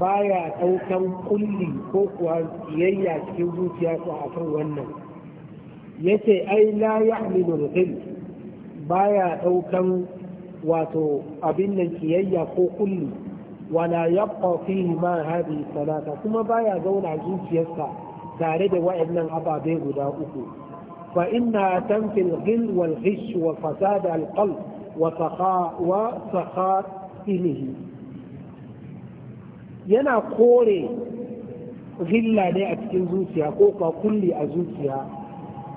بايا توكن كل كوكوا ييا cikin zuciya su a kan wannan yace ai la ya'milu al واتو baya daukan wato wala yabqa fihi ma hadhihi salata kuma baya zauna zuciyarsa tare da wayannan ababe guda uku fa ina tanfi al wal ghish wa fasad al-qalb wa saqa wa yana kore gilla ne a cikin zuciya ko ka kulli a zuciya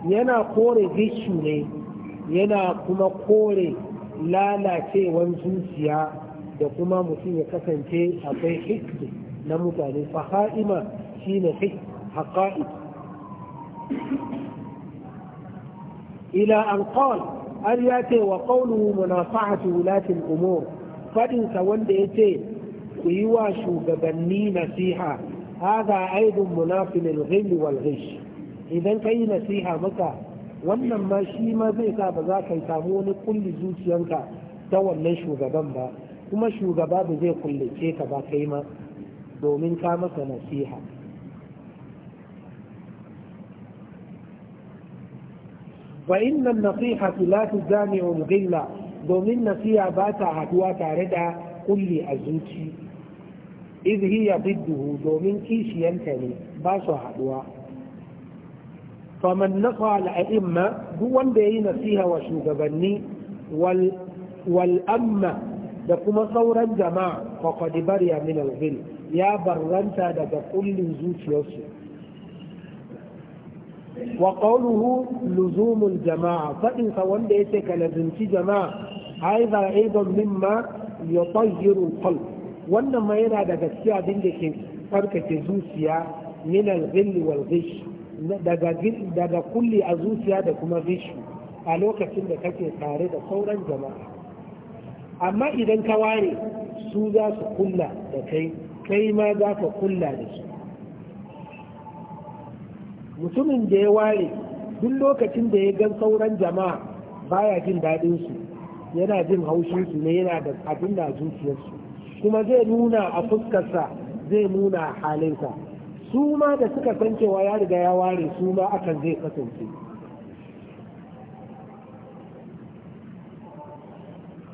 yana kore gishu ne yana kuma kore lalacewan zuciya da kuma mutum ya kasance akwai hikki na mutane faha'ima shi ne haƙa'i ila an qal an ya ce wa qawluhu munafahatu wulati al-umur fadin sa wanda yace ku yi wa shugabanni nasiha hadha aidun munafil al-ghil wal ghish idan kai nasiha maka wannan ma shi ma zai sa ba za ka samu wani kulli zuciyanka ta wannan shugaban ba kuma shugaba ba zai kullace ka ba kai ma domin ka masa nasiha wa inna nasihatu la tujami'u gilla domin nasiha ba ta haduwa tare da kulli a zuci idh hiya bidduhu domin kishiyanta ne ba su haduwa faman nafa al'a'imma duk wanda yayi nasiha wa shugabanni wal'amma. da kuma sauran jama'a faƙaɗi bariya min ya barranta daga kullum zuciyarsu wa qawluhu luzumul jama'a faɗin sa wanda yake kalazunci jama'a aiza aidan mimma yutayyiru alqalb wannan ma yana daga cikin abin da ke farkake zuciya min alghil wal ghish daga daga kulli a zuciya da kuma ghish a lokacin da kake tare da sauran jama'a amma idan ka ware su za su kulla da kai kai ma za ka kulla da su mutumin da ya ware duk lokacin da ya gan sauran jama'a baya jin daɗin su yana jin haushin su ne yana da abin da zuciyarsu kuma zai nuna a fuskarsa zai nuna a halinsa su ma da suka san cewa ya riga ya ware su ma akan zai kasance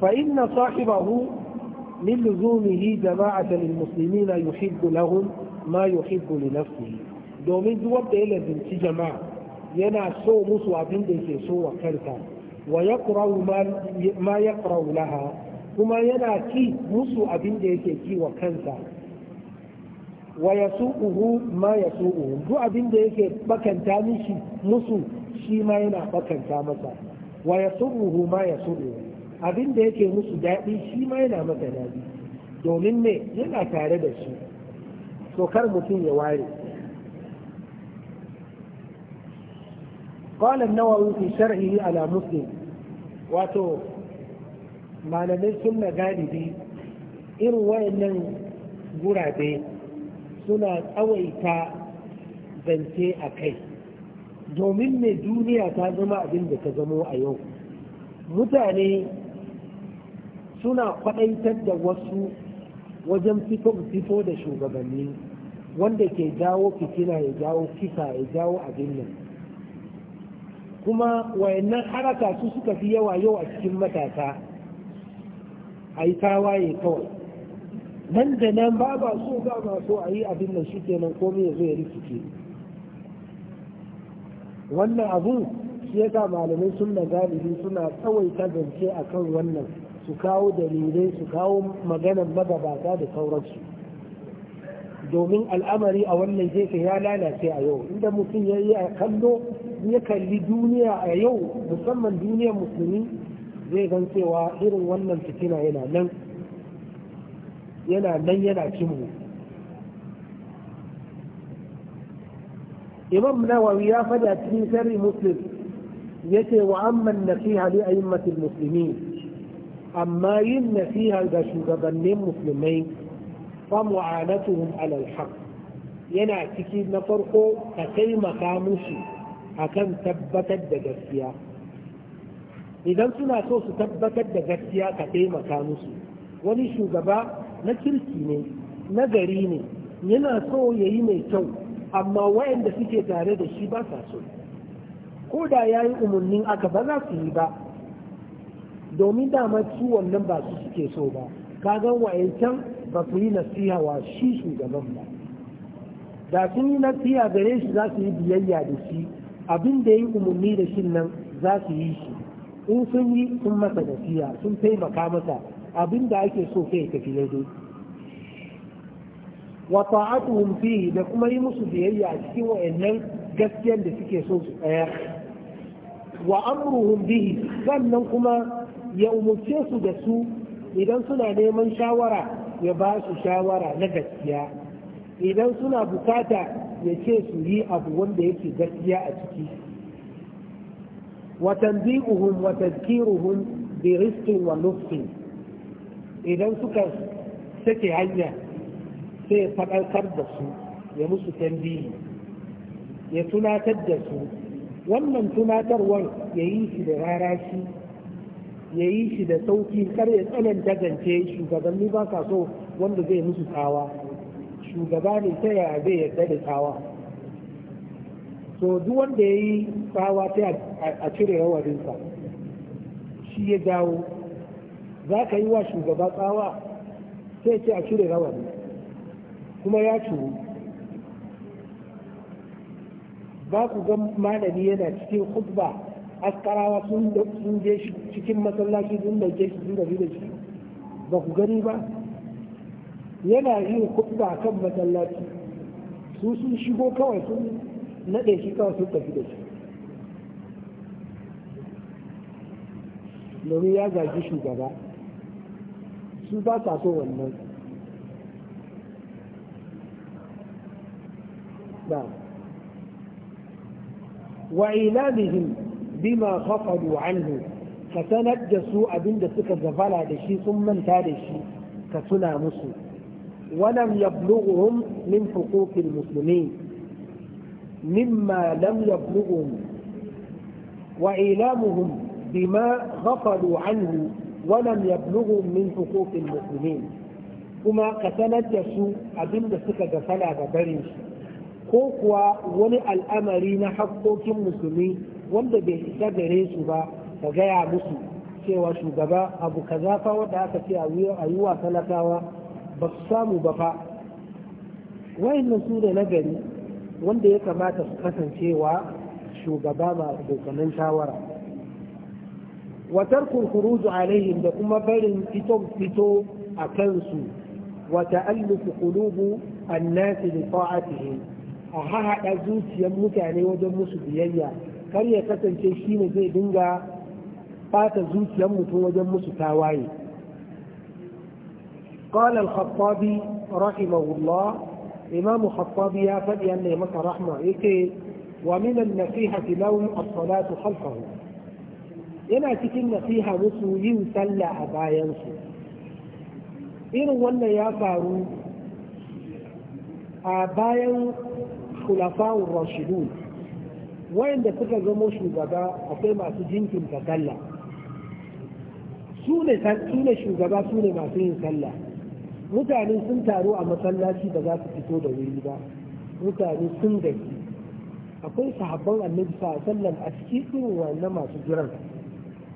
فإن صاحبه من لزومه جماعة للمسلمين يحب لهم ما يحب لنفسه دومين دوا بيلا بنتي ج ينا سو مسوى بنتي سو كرتا ويقرا ما يقرا لها كما ينا كي مسوى بنتي كي وكرتا ويسوءه ما يسوءه دوا بنتي بكن تاني شي مسوء شي ما ينا بكن تامسا ويسوءه ما يسوءه abin da yake musu daɗi shi ma yana masa daɗi domin ne yana tare da shi to kar mutum ya ware قال النووي في شرعه على مسلم واتو ما لمن سنة غالبي إن وإن غرابي سنة أويتا بنتي أكي دومين دوني mai duniya ta zama abin suna kwadaitar da wasu wajen fito da shugabanni wanda ke jawo fitina ya jawo kisa ya jawo abin nan kuma wayannan haraka su suka fi yawa yau a cikin matasa a yi tawaye kawai nan da nan ba ba so ba ba so a yi abin nan shi kenan komai ya zo ya rikice wannan abu shi yasa malamai sunna galibi suna tsawaita zance akan wannan su kawo dalilai su kawo maganar magabata da sauransu domin al'amari a wannan jefe ya lalace a yau inda mutum ya yi a kallo ya kalli duniya a yau musamman duniyar musulmi zai gan cewa irin wannan fitina yana nan yana nan yana cimu imam nawawi ya fada cikin sharri muslim yace wa amman nasiha li masu muslimin amma yin nasiha ga shugabannin musulmai fa mu'anatuhum alal haq yana ciki na farko ka taimaka musu akan tabbatar da gaskiya idan suna so su tabbatar da gaskiya ka taimaka musu wani shugaba na kirki ne na gari ne yana so ya yi mai kyau amma wayanda suke tare da shi ba sa so ko da ya yi umarnin aka ba za su yi ba domin dama ciwon nan ba su suke so ba kagan wa'ancan ba su yi nasiha wa shi gaban ba da sun yi nasiha gare shi za su yi biyayya da shi abin da ya yi umarni da shi nan za su yi shi in sun yi sun masa nasiha sun taimaka masa abin da ake so kai tafi daidai wa ta'atuhum fihi da kuma yi musu biyayya a cikin wa'annan gaskiyar da suke so su tsaya wa amruhum bihi sannan kuma ya umurce su da su idan suna neman shawara ya ba su shawara na gaskiya idan suna bukata ya ce su yi abu wanda yake gaskiya a ciki watanzi'uhum watan tazkiruhum bi riskin wa nufin idan suka sake hanya sai ya faɗakar da su ya musu tambihi ya tunatar da su wannan tunatarwar ya yi shi da rarashi ya yi shi da sauki kar ya tsananta zance shugabanni ba ka so wanda zai musu tsawa shugaba ne ta yaya zai yarda da tsawa so duk wanda ya yi tsawa ta a cire rawarinsa shi ya dawo za ka yi wa shugaba tsawa sai ce a cire rawari kuma ya ciwu ba ku ga malami yana cikin khutba askarawa sun sun je cikin masallaci sun dauke shi sun tafi da shi ba ku gani ba yana yin a kan masallaci su sun shigo kawai sun naɗe shi kawai sun tafi da shi domin ya zagi shugaba su ba sa so wannan ba wa ilamihim بما غفلوا عنه فتنجسوا ابن دسك الزفالة دشي ثم انتا دشي كتنا مسلم ولم يبلغهم من حقوق المسلمين مما لم يبلغهم وإيلامهم بما غفلوا عنه ولم يبلغهم من حقوق المسلمين كما قتنجسوا ابن دسك الزفالة دبرنشي ko kuwa wani al'amari na haƙƙoƙin musulmi wanda bai isa gare su ba ka gaya musu cewa shugaba abu ka zafa wadda aka ce a yi wa talakawa ba su samu ba fa wayannan su da nagari wanda ya kamata su kasancewa shugaba ba abokanan shawara Watar kurkuru alaihim da kuma barin fito fito a kansu wata ta'allufu kulubu annasi da li a haɗa zuciyar mutane wajen musu biyayya kar ya kasance shi ne zai dinga fata zuciyar mutum wajen musu tawaye قال الخطابي رحمه الله إمام الخطابي يا فدي أن يمس رحمة إيكي ومن النصيحة لهم الصلاة خلفه ينا تكين النصيحة مسو ينسلى أبا ينسو إن ولا يا فارو أبا khulafa'ur rashidun wayanda suka zamo shugaba akwai masu jinkinta sallah su ne shugaba su ne masu yin sallah mutane sun taru a masallaci da za su fito da wuri ba mutane sun gaji akwai sahabban annabi sallam a cikin na masu jiran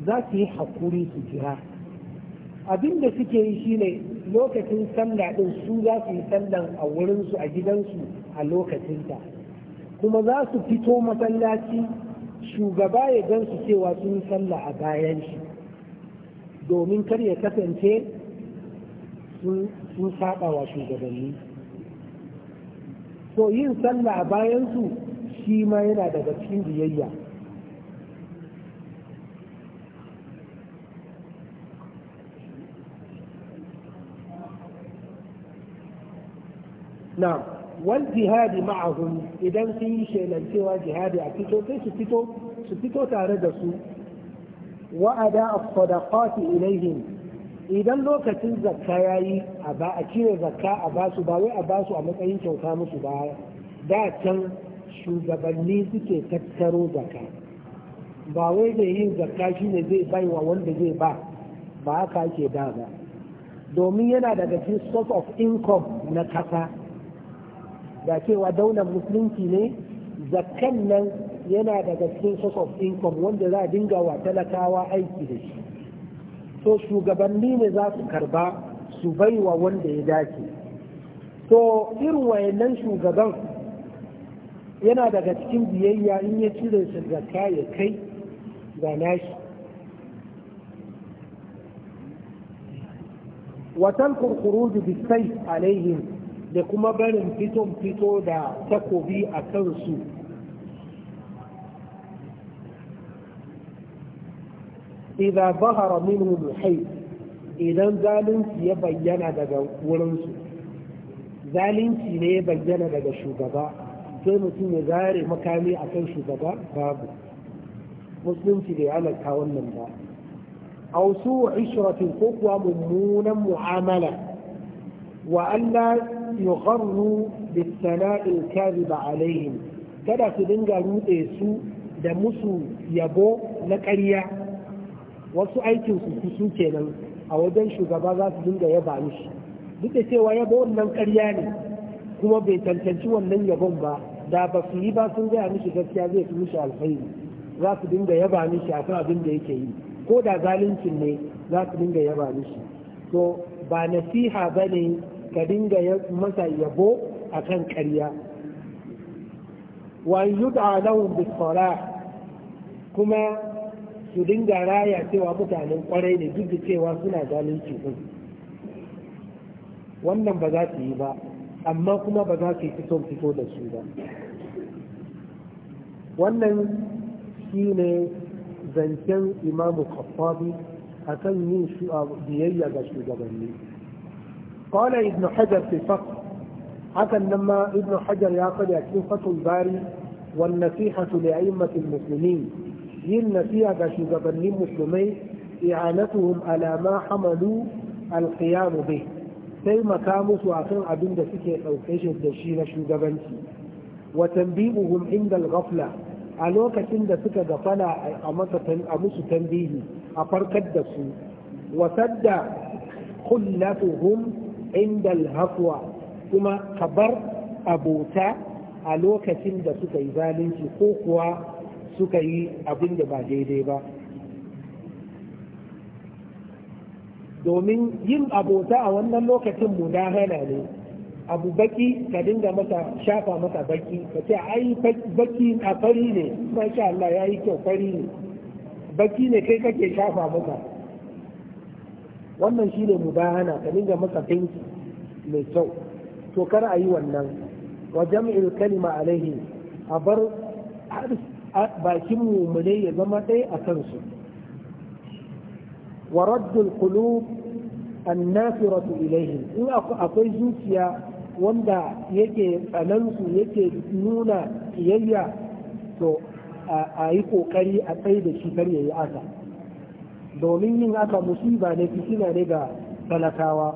za su yi hakuri su jira abin da suke yi shine lokacin sallah din su za su yi sallan a wurinsu a gidansu a lokacinta kuma za su fito masallaci shugaba ya gan su cewa sun sallah a bayan shi domin kar ya kasance sun saba wa shugabanni so yin sallah a bayan su shi ma yana daga cikin biyayya Now. Wan jihadi ma'ahum idan sun yi shelancewa jihadi a fito sai su fito tare da su wa ada sadaqati ilaihim idan lokacin zakka yayi a a cire zakka a ba ba wai a ba a matsayin kyauta musu baya, da can shugabanni suke tattaro zakka ba wai da yin zakka shine zai baiwa wanda zai ba ba haka ake da ba domin yana daga cikin source of income na kasa da cewa daular musulunci ne zakkan nan yana daga cikin source of income wanda za a dinga wa talakawa aiki da shi so shugabanni ne za su karba su baiwa wanda ya dace to irin wayannan shugaban yana daga cikin biyayya in ya cire su zakka ya kai ga nashi وتلك الخروج بالسيف عليهم da kuma barin fiton fito da takobi a kansu idan bahara minu muhai idan zalunci ya bayyana daga wurinsu zalunci ne ya bayyana daga shugaba sai mutum ya zare makami a kan shugaba babu musulunci da ya halatta wannan ba a wasu ishiratin ko kuwa mummunan mu'amala وألا يغروا بالثناء الكاذب عليهم kada su dinga rute su da musu yabo na ƙarya wasu aikin su su kenan a wajen shugaba za su dinga yaba mishi duk da cewa yabo wannan ƙarya ne kuma bai tantanci wannan yabon ba da ba su yi ba sun gaya mishi gaskiya zai fi mishi alkhairi za su dinga yaba mishi akan abin da yake yi ko da zaluncin ne za su dinga yaba mishi to ba nasiha ba ne ka dinga masa yabo a kan ƙarya wa yud'a lahum bis kuma su dinga raya cewa mutanen kwarai ne duk da cewa suna zalunci cikin wannan ba za su yi ba amma kuma ba za su yi fito fito da su ba wannan shi ne zancen imamu kafabi a kan yin biyayya ga shugabanni قال ابن حجر في فقه حتى لما ابن حجر يعقد يكون فتح الباري والنصيحة لأئمة المسلمين هي النصيحة كشغبني مسلمين إعانتهم على ما حملوا القيام به sai makamusu a kan abin da suke ɗauke shi da shi na shugabanci wa tambihuhum inda al-ghafla a lokacin da suka gafala a a musu tambihi a farkar da su wa sadda kullatuhum inda alhafwa kuma ka bar abota a lokacin da suka yi zalunci ko kuwa suka yi abin da ba daidai ba domin yin abota a wannan lokacin hana ne abu baki ka dinga masa shafa masa baki ka ce ai baki a fari ne masha Allah ya yi kyau fari ne baki ne kai kake shafa masa wannan shi shine mubahana ka dinga masa fenti mai kyau to kar a yi wannan wa jam'il kalima alaihi a bar bakin mumune ya zama ɗaya a kansu wa raddul qulub annafiratu ilaihi in akwai zuciya wanda yake tsanansu yake nuna kiyayya to a yi kokari a tsaye da shi kar yayi asa domin yin aka musiba ne fitina ne ga talakawa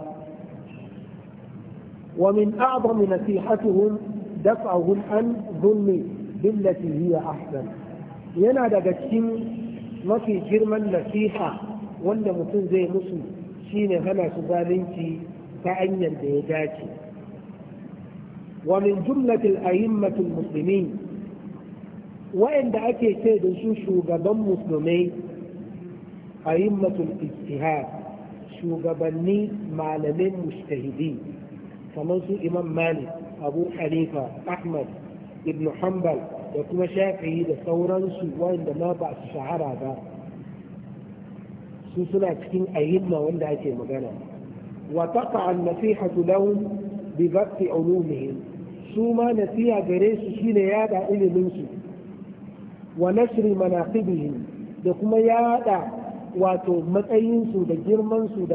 wa min a'zami nasihatuhum daf'ahum an dhulmi billati hiya ahsan yana daga cikin mafi girman nasiha wanda mutum zai musu shine hana su zalunci ta hanyar da ya dace wa min jumlatil a'immatul muslimin wa'anda ake ce da su shugaban musulmai a a'immatul ijtihad shugabanni malamin mujtahidi kamar su imam malik abu hanifa ahmad ibn hanbal da kuma shafi'i da sauransu wanda ma ba su shahara ba su suna cikin ayyuma wanda ake magana wa a an-nasihatu lahum bi baqti suma nasiha gare su shine yada ilimin su wa nashri manaqibihim da kuma yada wato matsayinsu da girmansu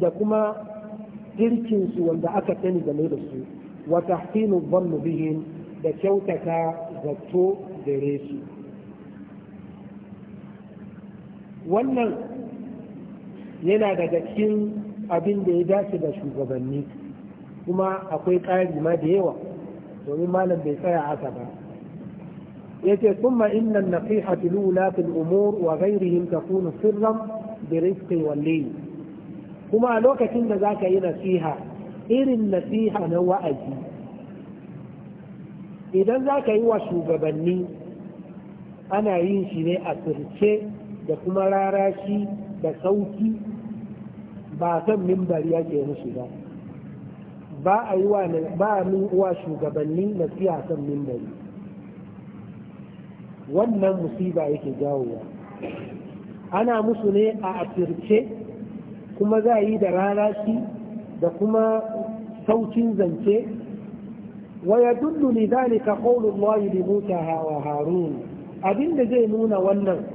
da kuma girkinsu wanda aka sani game da su wa tahtinu dhannu bihim da kyautata zato gare su wannan yana daga cikin abin da ya dace da shugabanni kuma akwai ƙari ma da yawa domin malam bai tsaya haka ba yace thumma inna an-nasiha lula fil umur wa ghayrihim takunu sirran bi rifqi wal kuma a lokacin da zaka yi nasiha irin nasiha na wa'azi idan zaka yi wa shugabanni ana yin shi ne a sirce da kuma rarashi da sauki ba san mimbari yake musu ba ba a yi wa shugabanni nasiha kan mimbari wannan musiba yake jawowa ana musu ne a asirce kuma za a yi da rana rarashi da kuma saukin zance ويدل لذلك قول الله wa Harun. abin da zai nuna wannan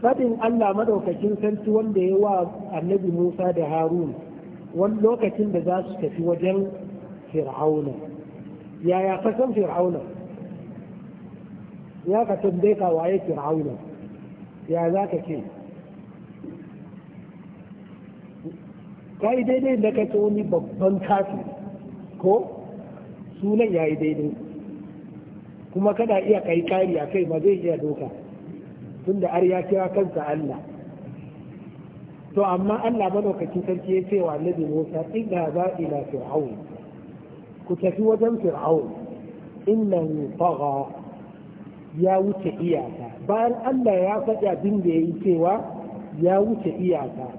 fadin Allah madaukakin sarki wanda ya wa annabi Musa da Harun wani lokacin da za su tafi wajen Fir'auna yaya kasan Fir'auna ya ka tambaye ka waye fir'auna ya za ka ce ka yi daidai da ka ce wani babban kafi ko sunan ya yi daidai kuma kada iya kai kari a kai ba zai iya doka tunda da ya kira kansa Allah to amma Allah madaukakin sarki ya ce wa annabi Musa inna za ila fir'aun ku tafi wajen fir'aun innahu tagha ya wuce iyaka bayan Allah ya faɗi abin da ya yi cewa ya wuce iyaka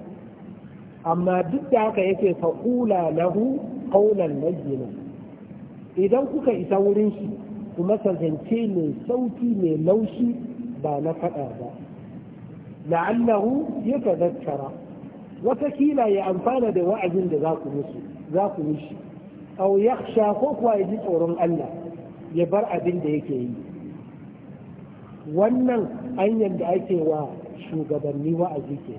amma duk da haka yake fa'ula lahu qawlan lagina idan kuka isa wurin shi kuma sarzance mai sauki mai laushi ba na faɗa ba la'allahu ya tadakkara watakila ya amfana da wa'azin da za ku musu za ku mishi ko kuwa ya ji tsoron Allah ya bar abin da yake yi wannan hanyar da ake wa shugabanni wa'azi ke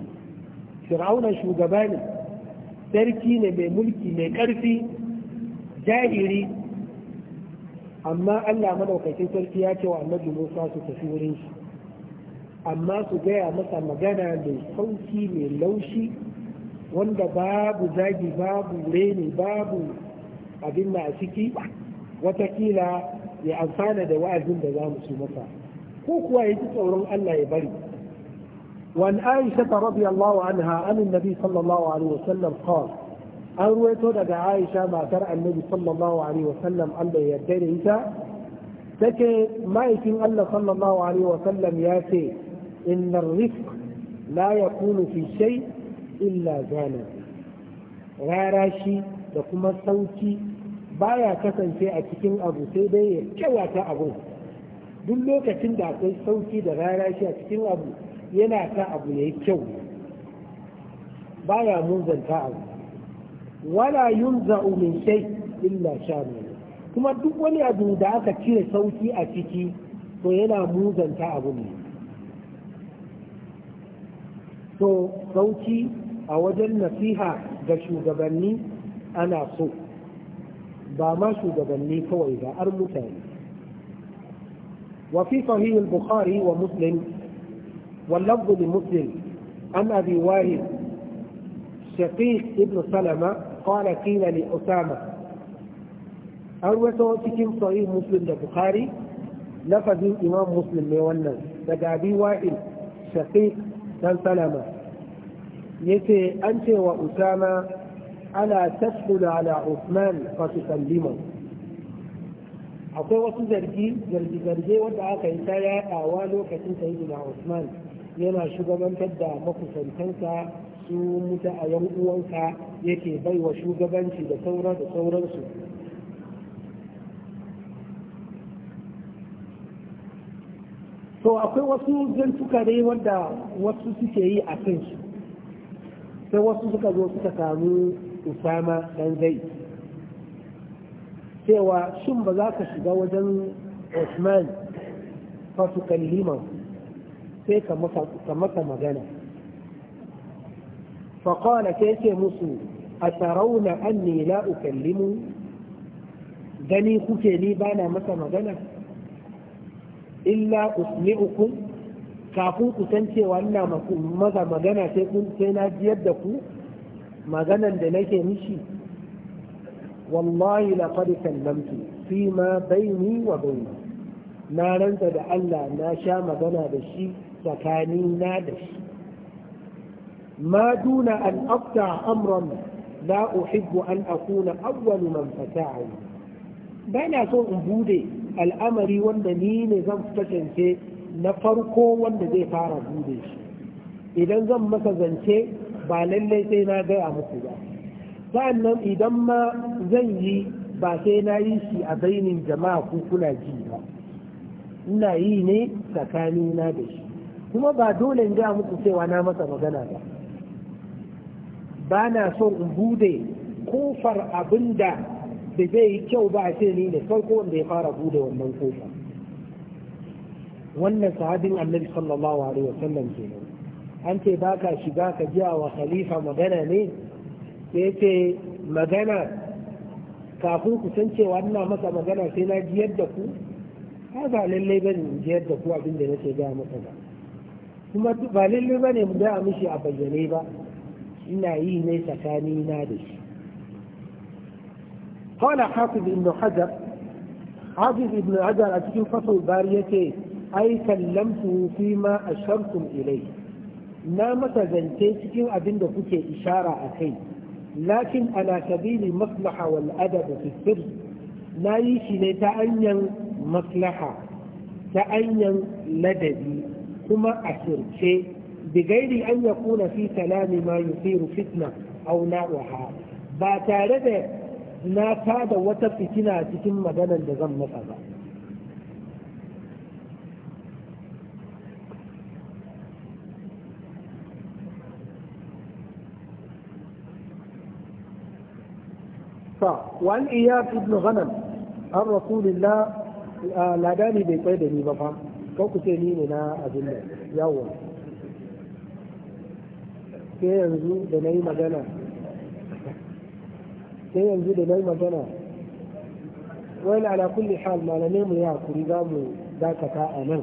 fir'auna shugaba ne sarki ne mai mulki mai ƙarfi jahiri amma allah madaukakin sarki ya ce wa annabi musa su tafi wurin shi amma su gaya masa magana mai sauki mai laushi wanda babu zagi babu reni babu abin na a ciki watakila ya amfana da wa'azin da za mu su masa ko kuwa ya ji tsoron Allah ya bari وعن عائشة رضي الله anha, عن Nabi Sallallahu alaihi wa sallam قال an ruwaito daga aisha matar annabi sallallahu alaihi wa sallam allah ya yarda da ita take ma'aikin allah sallallahu alaihi wa sallam ya ce inna rifq la yakunu fi shay illa zana Rarashi da kuma sauki baya kasance a cikin abu sai dai ya kewata abu duk lokacin da akwai sauki da rana shi a cikin abu yana sa abu ya yi kyau baya munzanta abu wala yunza'u min shay illa shamil kuma duk wani abu da aka cire sauki a ciki to yana munzanta abu ne to sauki a wajen nasiha ga shugabanni ana so ba ma shugabanni kawai ba har mutane وفي صحيح البخاري ومسلم واللفظ لمسلم عن ابي وائل شقيق ابن سلمه قال قيل لاسامه او صوتي صحيح مسلم للبخاري لفظ الإمام مسلم ميونا لدى أبي وائل شقيق بن سلمه يتي أنت وأسامة ألا تدخل على عثمان فتسلمه akwai wasu zargi zargi zarge wanda aka yi ta yaɗawa lokacin sayyidina usman yana shugabantar da makusantansa su mutu a yan uwanka yake baiwa shugabanci da sauran da sauransu to akwai wasu zantuka ne wanda wasu suke yi a kansu sai wasu suka zo suka samu usama dan zai cewa shin ba za ka shiga wajen osman fasu su sai ka masa magana faƙala sai ce musu a tsarauna an ne la ukallimu gani kuke ni ba na masa magana illa uku kafin ku san cewa ina maza magana sai sai na jiyar da ku maganan da nake mishi والله لقد كلمت فيما بيني وبينه ما ننت بألا ما شام بنا بشي سكانينا نادش ما دون أن أقطع أمرا لا أحب أن أكون أول من فتاعه بين أسوء أبودي الأمر والنين زمت تشنك نفرقو والنزي فارغ أبوديش إذا زمت زنك بالله سينا دي أمسي sa'an nan idan ma zan yi ba sai na yi shi a bainin jama'a ko kuna ji ba ina yi ne tsakanina da shi kuma ba dole in ga muku cewa na masa magana ba ba na so in bude kofar abin da da zai yi kyau ba a ce ni ne farko wanda ya fara bude wannan kofar? wannan sahabin annabi sallallahu alaihi wasallam kenan an ce ba ka shiga ka ji wa khalifa magana ne sai ce magana kafin ku san cewa ina masa magana sai na jiyar da ku ba ba lallai ba ne jiyar da ku abin da nake gaya masa ba kuma ba lallai ba ne mu gaya mishi a bayyane ba ina yi ne tsakani na da shi قال حافظ ابن حجر حافظ ابن حجر أتكين فصل "Ai أي كلمته فيما أشرتم ilai," na masa zance cikin abin da kuke ishara a kai lakin ala sabili maslaha wal adab fi na yi shi ne ta hanyar maslaha ta hanyar ladabi kuma a sirce bigairi an ya kuna fi salami ma yusiru fitna au na'uha ba tare da na tada wata fitina cikin maganar da zan masa ba وعن إياد ابن غنم عن رسول الله لا داني بيطير دني بفهم كوكو تيني لنا أبنى يوم sai yanzu da na yi magana sai yanzu da na yi magana wani ala hal malamai mu ya kuri za mu dakata a nan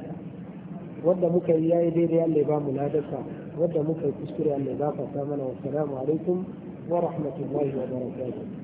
wadda muka yi yayi daidai Allah ba mu ladarsa wadda muka yi kuskure Allah ya gafarta mana wa salamu alaikum wa rahmatullahi wa barakatuh